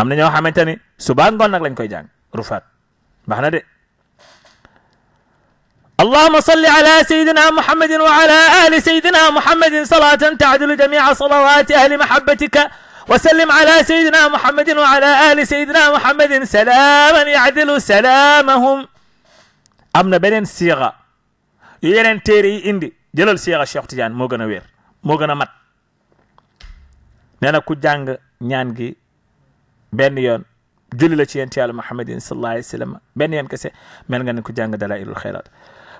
امنا ньо تاني سبان غون نك لنجكو جانغ رفات باخنا دي اللهم صل على سيدنا محمد وعلى ال سيدنا محمد صلاه تعدل جميع صلوات اهل محبتك وسلم على سيدنا محمد وعلى آل سيدنا محمد سلاما يعدل سلامهم أمنا بين سيغا يلين تيري إندي جلال سيغا شيخ تجان موغانا وير موغانا مات نانا كجانغ نيانغي بين يون جلل تيان تيال محمد صلى الله عليه وسلم بين يون كسي من غانا كجانغ دلائل الخيرات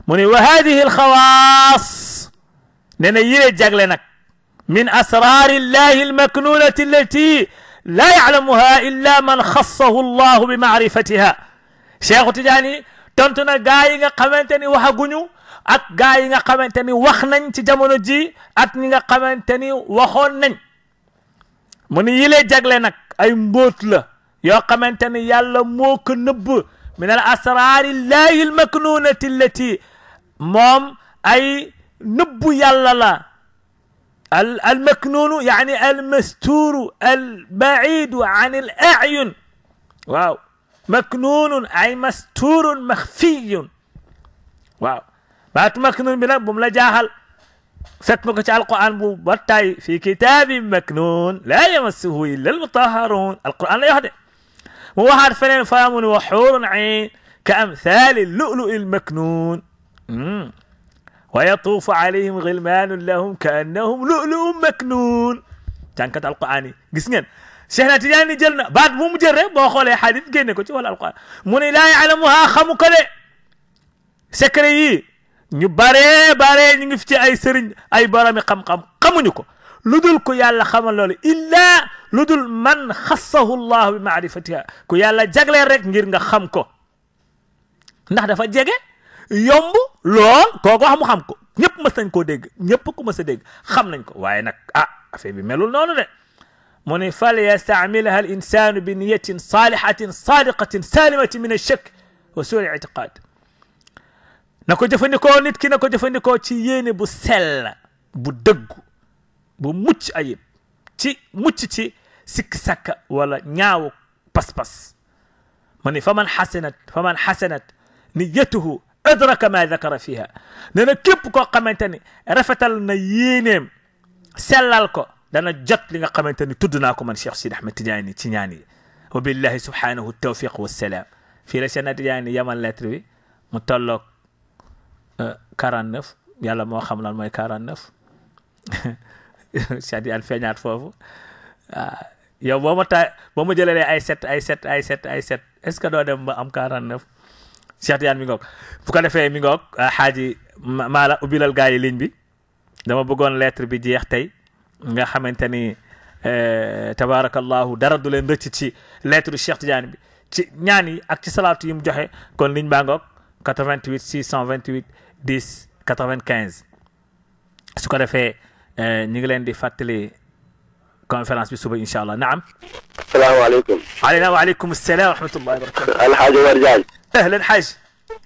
مني وهذه الخواص نانا يلي جاغلينك من أسرار الله المكنونة التي لا يعلمها إلا من خصه الله بمعرفتها شيخ تجاني تنتنا غاي نغا قمنتني وحقنو أك غاي قمنتني وخنن تجمونو جي أك نغا قمنتني وخنن من يلي جاغلنك أي مبوتل يو قمنتني يالا موك نب من الأسرار الله المكنونة التي موم أي نب يالا لا المكنون يعني المستور البعيد عن الأعين واو مكنون أي مستور مخفي واو بات مكنون بلا بملا جاهل ستمك القرآن بطاي في كتاب مكنون لا يمسه إلا المطهرون القرآن لا يهدئ وواحد فنين فام وحور عين كأمثال اللؤلؤ المكنون مم. ويطوف عليهم غلمان لهم كأنهم لؤلؤ مكنون كان جانكت القعاني قسنين شهنا تجاني جلنا بعد مو مجرد بوخولي حديث جينا كوتي ولا القعاني من لا يعلمها خمك لي سكري ني باري باري ني فتي اي سرين اي برامي قم قم قم نيكو لدل كو يالا خمال لول إلا لدل من خصه الله بمعرفتها كو يالا جاغلي ريك نغير نغا خمكو نحن دفا جاغي yomb lool kooku wax mu xam ko ñëpp mës nañ koo dégg ñëpp ku mës a dégg xam nañ ko waaye nag ah affaire bi melul noonu de mu ne fal yastaamilaha al insanu bi niyatin salihatin sadiqatin salimatin min ashak wa suuri itiqad na ko jëfandikoo nit ki na ko jëfandikoo ci yéene bu sell bu dëggu bu mucc ayib ci mucc ci sikk sakka wala ñaawu pas-pas mu ne faman xasanat faman xasanat niyatuhu عذرك ما ذكر فيها نانا كيبكو قمنتني رفت النيينيم سلالكو دانا جت لنا قمنتني تدناكو من شيخ سيد أحمد تجاني تجاني وبالله سبحانه التوفيق والسلام في رسالة تجاني يمن لاتروي متلوك أه، كاران نف يالا مو خامل الموي كاران نف شادي الفين يعرف فوفو أه، يا بوما تا بوما جلالي اي ست اي ست اي ست اي ست اسكا ام كاران Cheikh Tidiane mi ngoog bu ko defee mi ngoog xaaji maa la ubbilal gaa yi ligne bi dama bëggoon lettre bi jeex tey nga xamante ni tabaarakallahu dara du leen rëcc ci lettre Cheikh Tidiane bi ci ñaan yi ak ci salaatu yi mu joxe kon ligne baa ngok 88 628 10 95 su ko defee ñu ngi leen di fàttali كونفرنس بسوبا ان شاء الله نعم السلام عليكم علينا وعليكم السلام ورحمه الله وبركاته الحاج مرجان اهلا حاج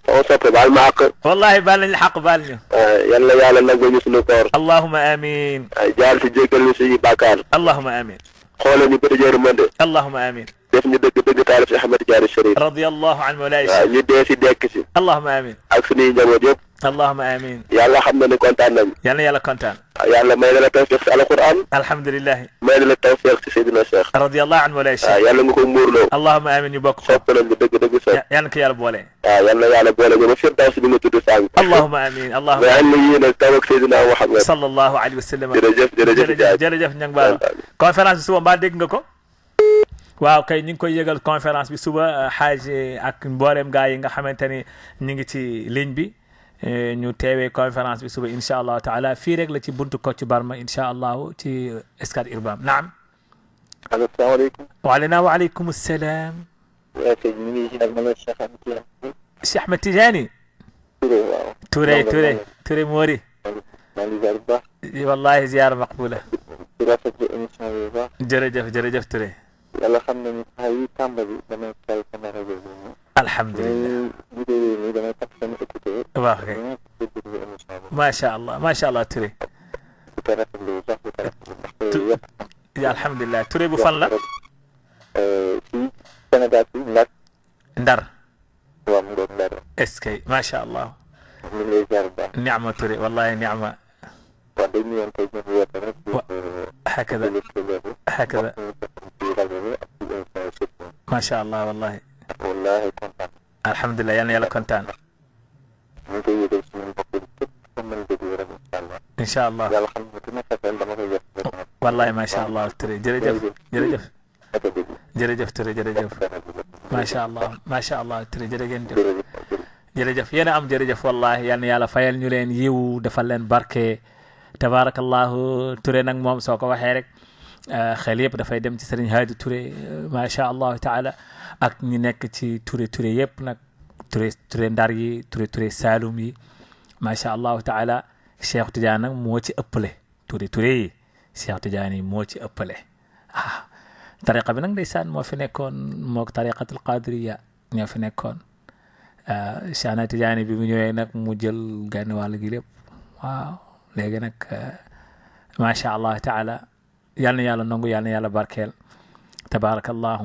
وصلت بالمعق والله بالني الحق بالني آه يلا يا الله نقول سلوكور اللهم امين آه، جالس جيكل سي باكار اللهم امين خولني برجر مند اللهم امين def ñu dëgg dëgg taalif si Ahmed Diarra Chérif. radiyallahu an mawlaay. waaw ñu dee si dekk si. allahumma amiin. ak suñuy اللهم امين يا الله لله كونتان يا يلا كونتان يا ما يدل التوفيق على القران الحمد لله ما يدل التوفيق في سيدنا الشيخ رضي الله عن ولاي الشيخ يا الله نكون مورلو اللهم امين يبقى شكرا لبقى دقي سيد يا الله يا رب ولي يا الله يا رب ولي ما في الدرس بما تدوس اللهم امين اللهم امين يا الله التوفيق سيدنا محمد صلى الله عليه وسلم جرجف جرجف جرجف نيان بال كونفرنس سوا ما ديك نكو waaw kay ñu ngi koy yëgal conférence bi suba xaaji ak mbooleem gars yi nga xamante ni ñu ngi ci ligne bi ñu teewee conférence bi suba incha allahu taala fii rek la ci buntu Kocc Barma incha allahu ci escad Urbam naam. allo salaamaaleykum. waaleyna waaleykum salaam. waa kay ñu Cheikh Ahmed tijani Cheikh Ahmed Tidiane. Touré Touré Touré Mori. maa ngi ziar bu baax. wallahi ziar maqbula. di rafetlu émission bi bu baax. jërëjëf jërëjëf Touré. yàlla xam na ni saa yu tàmbali damay tal caméra boobu الحمد لله ما شاء الله ما شاء الله تري يا الحمد لله تري بفلا ندر اسكي ما شاء الله نعمة تري والله نعمة هكذا هكذا ما شاء الله والله والله كنت الحمد لله يعني يلا كنت انا جيد من من كثيرا ان شاء الله ان شاء الله يلا خلنا والله ما شاء الله تري جرجف جرجف جرجف تري جرجف ما شاء الله ما شاء الله تري جرجف jërëjëf yéen a am jërëjëf wallahi yal na yàlla fayal ñu leen yiw defal leen barke tabarakallahu Touré nag moom soo ko waxee rek xel yëpp dafay dem ci sëriñ Haadi Touré macha allah taala ak ñi nekk ci Touré Touré yëpp nag Touré Touré Ndar yi Touré Touré Saalum yi macha allahu taala Cheikh Tidiane nag moo ci ëpple Touré Touré yi Cheikh Tidiane yi moo ci ëppale ah tariqa bi nag ndeysaan moo fi nekkoon moog tariqatul qadiriya ñoo fi nekkoon ah, Cheikh na Tidiane bi mu ñëwee nag mu jël gànn wàll gi lépp waaw léegi nag ah, macha allah taala yal na yàlla nangu yal na yàlla barkeel tabaarakallahu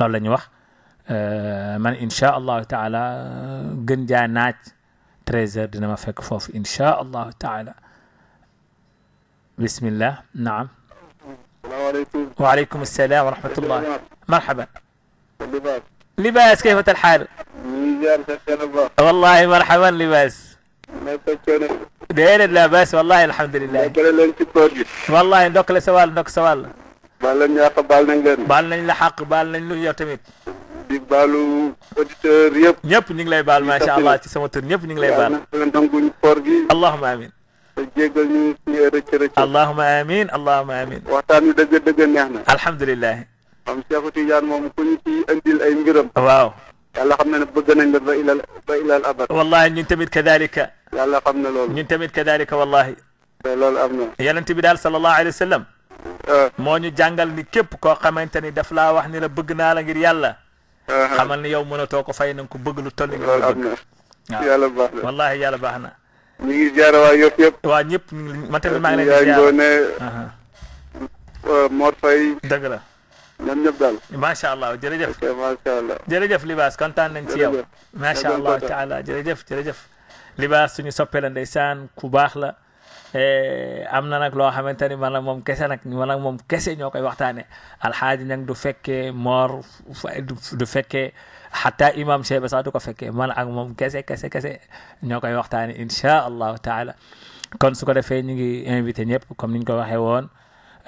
loolu la ñu wax euh, man insha allahu taala gën jaa naaj treize heures dina ma fekk foofu insha allahu taala bismillah naam السلام عليكم وعليكم السلام ورحمة الله مرحبا لباس لباس كيف الحال؟ والله مرحبا لباس دين لا باس والله الحمد لله والله ندوك سوال ندوك سوال baal nañ ñaata baal nañ leen. baal nañ la xàq baal nañ lu yor tamit. di baalu auditeurs yëpp. ñëpp ñu ngi lay baal macha allah ci sama tur ñëpp ñu ngi lay baal. yàlla nanguñ koor gi. allahumma amin. te jéggal ñu suñu rëcc rëcc. allahumma amin allahumma amin. waxtaan wi dëgg dëgg neex na. alhamdulilah. am Cheikh Tidiane moom ku ñu ci andil ay mbiram. waaw. yàlla xam na ne bëgg nañ la ba ilal ba ilal abad. wallahi ñun tamit kadalika. yàlla xam na loolu. ñun tamit kadalika wallahi. te loolu am na. yonent bi daal sallallahu alayhi wa sallam Euh. moo ñu jàngal ni képp koo xamante ni daf laa wax ni la bëgg naa la ngir yàlla euh. xamal ni yow mënatoo ko fay na nga ko bëgg lu toll ni nga ko bëgg waaw yàlla baax na wallaahi yàlla baax na ñu ngi jaara waa Yoff yëpp waa ñëpp man tamit maa ngi leen di jaara ne euh, Mor Faye dëgg la ñoom ñëpp daal macha allah jërëjëf macha allah jërëjëf libaas kontaan nañ ci yow macha allah taala jërëjëf jërëjëf libaas suñu soppe la ndeysaan ku baax la amna nak lo xamanteni xamante ni man ak moom kese nag man ak moom kese ñoo koy waxtaane alxaaji du fekke moor du fekke hatta imam chebe sa du ko fekke man ak mom kesse kesse kesse ñokay waxtane insha allah taala kon su ko defé ñu ngi inviter ñep comme niñ ko waxé won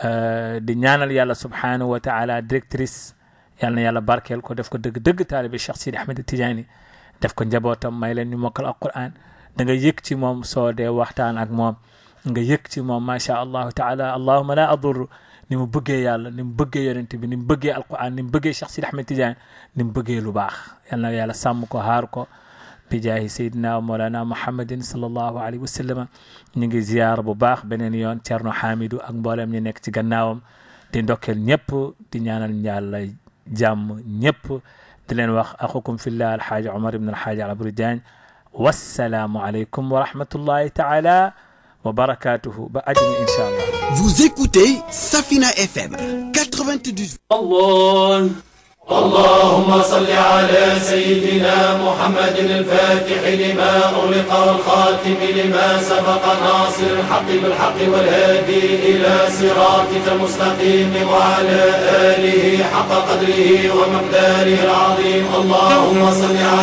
euh di ñaanal yàlla subhanahu wa taala directrice yalla yàlla barkel ko def ko deug deug talib Cheikh Sidi Ahmed Tidiane def ko njabotam may leen ñu mokal alquran da nga yek ci mom so de waxtan ak mom nga yëg ci moom macha allahu taala allahuma la adur ni mu bëggee yàlla ni mu bëggee yonent bi ni mu bëggee alquran ni mu bëggee Cheikh Sidi Ahmed Tidiane ni mu bëggee lu baax yàlla na yàlla sàmm ko xaar ko bijaahi sayidina moolana muhammadin salallahu alayhi wa sallama ñu ngi ziyaar bu baax beneen yoon Thierno Hamidou ak mboolem ñi nekk ci gannaawam di ndokkeel ñëpp di ñaanal yàlla jàmm ñëpp di leen wax axukum fillah alxaaji Omar ibn alxaaji Abdou Diagne wassalaamu aleykum wa rahmatullahi taala وبركاته بأجل إن شاء الله Vous écoutez Safina FM 92 الله اللهم صل على سيدنا محمد الفاتح لما أغلق والخاتم لما سبق ناصر الحق بالحق والهادي إلى صراطك المستقيم وعلى آله حق قدره ومقداره العظيم اللهم صل على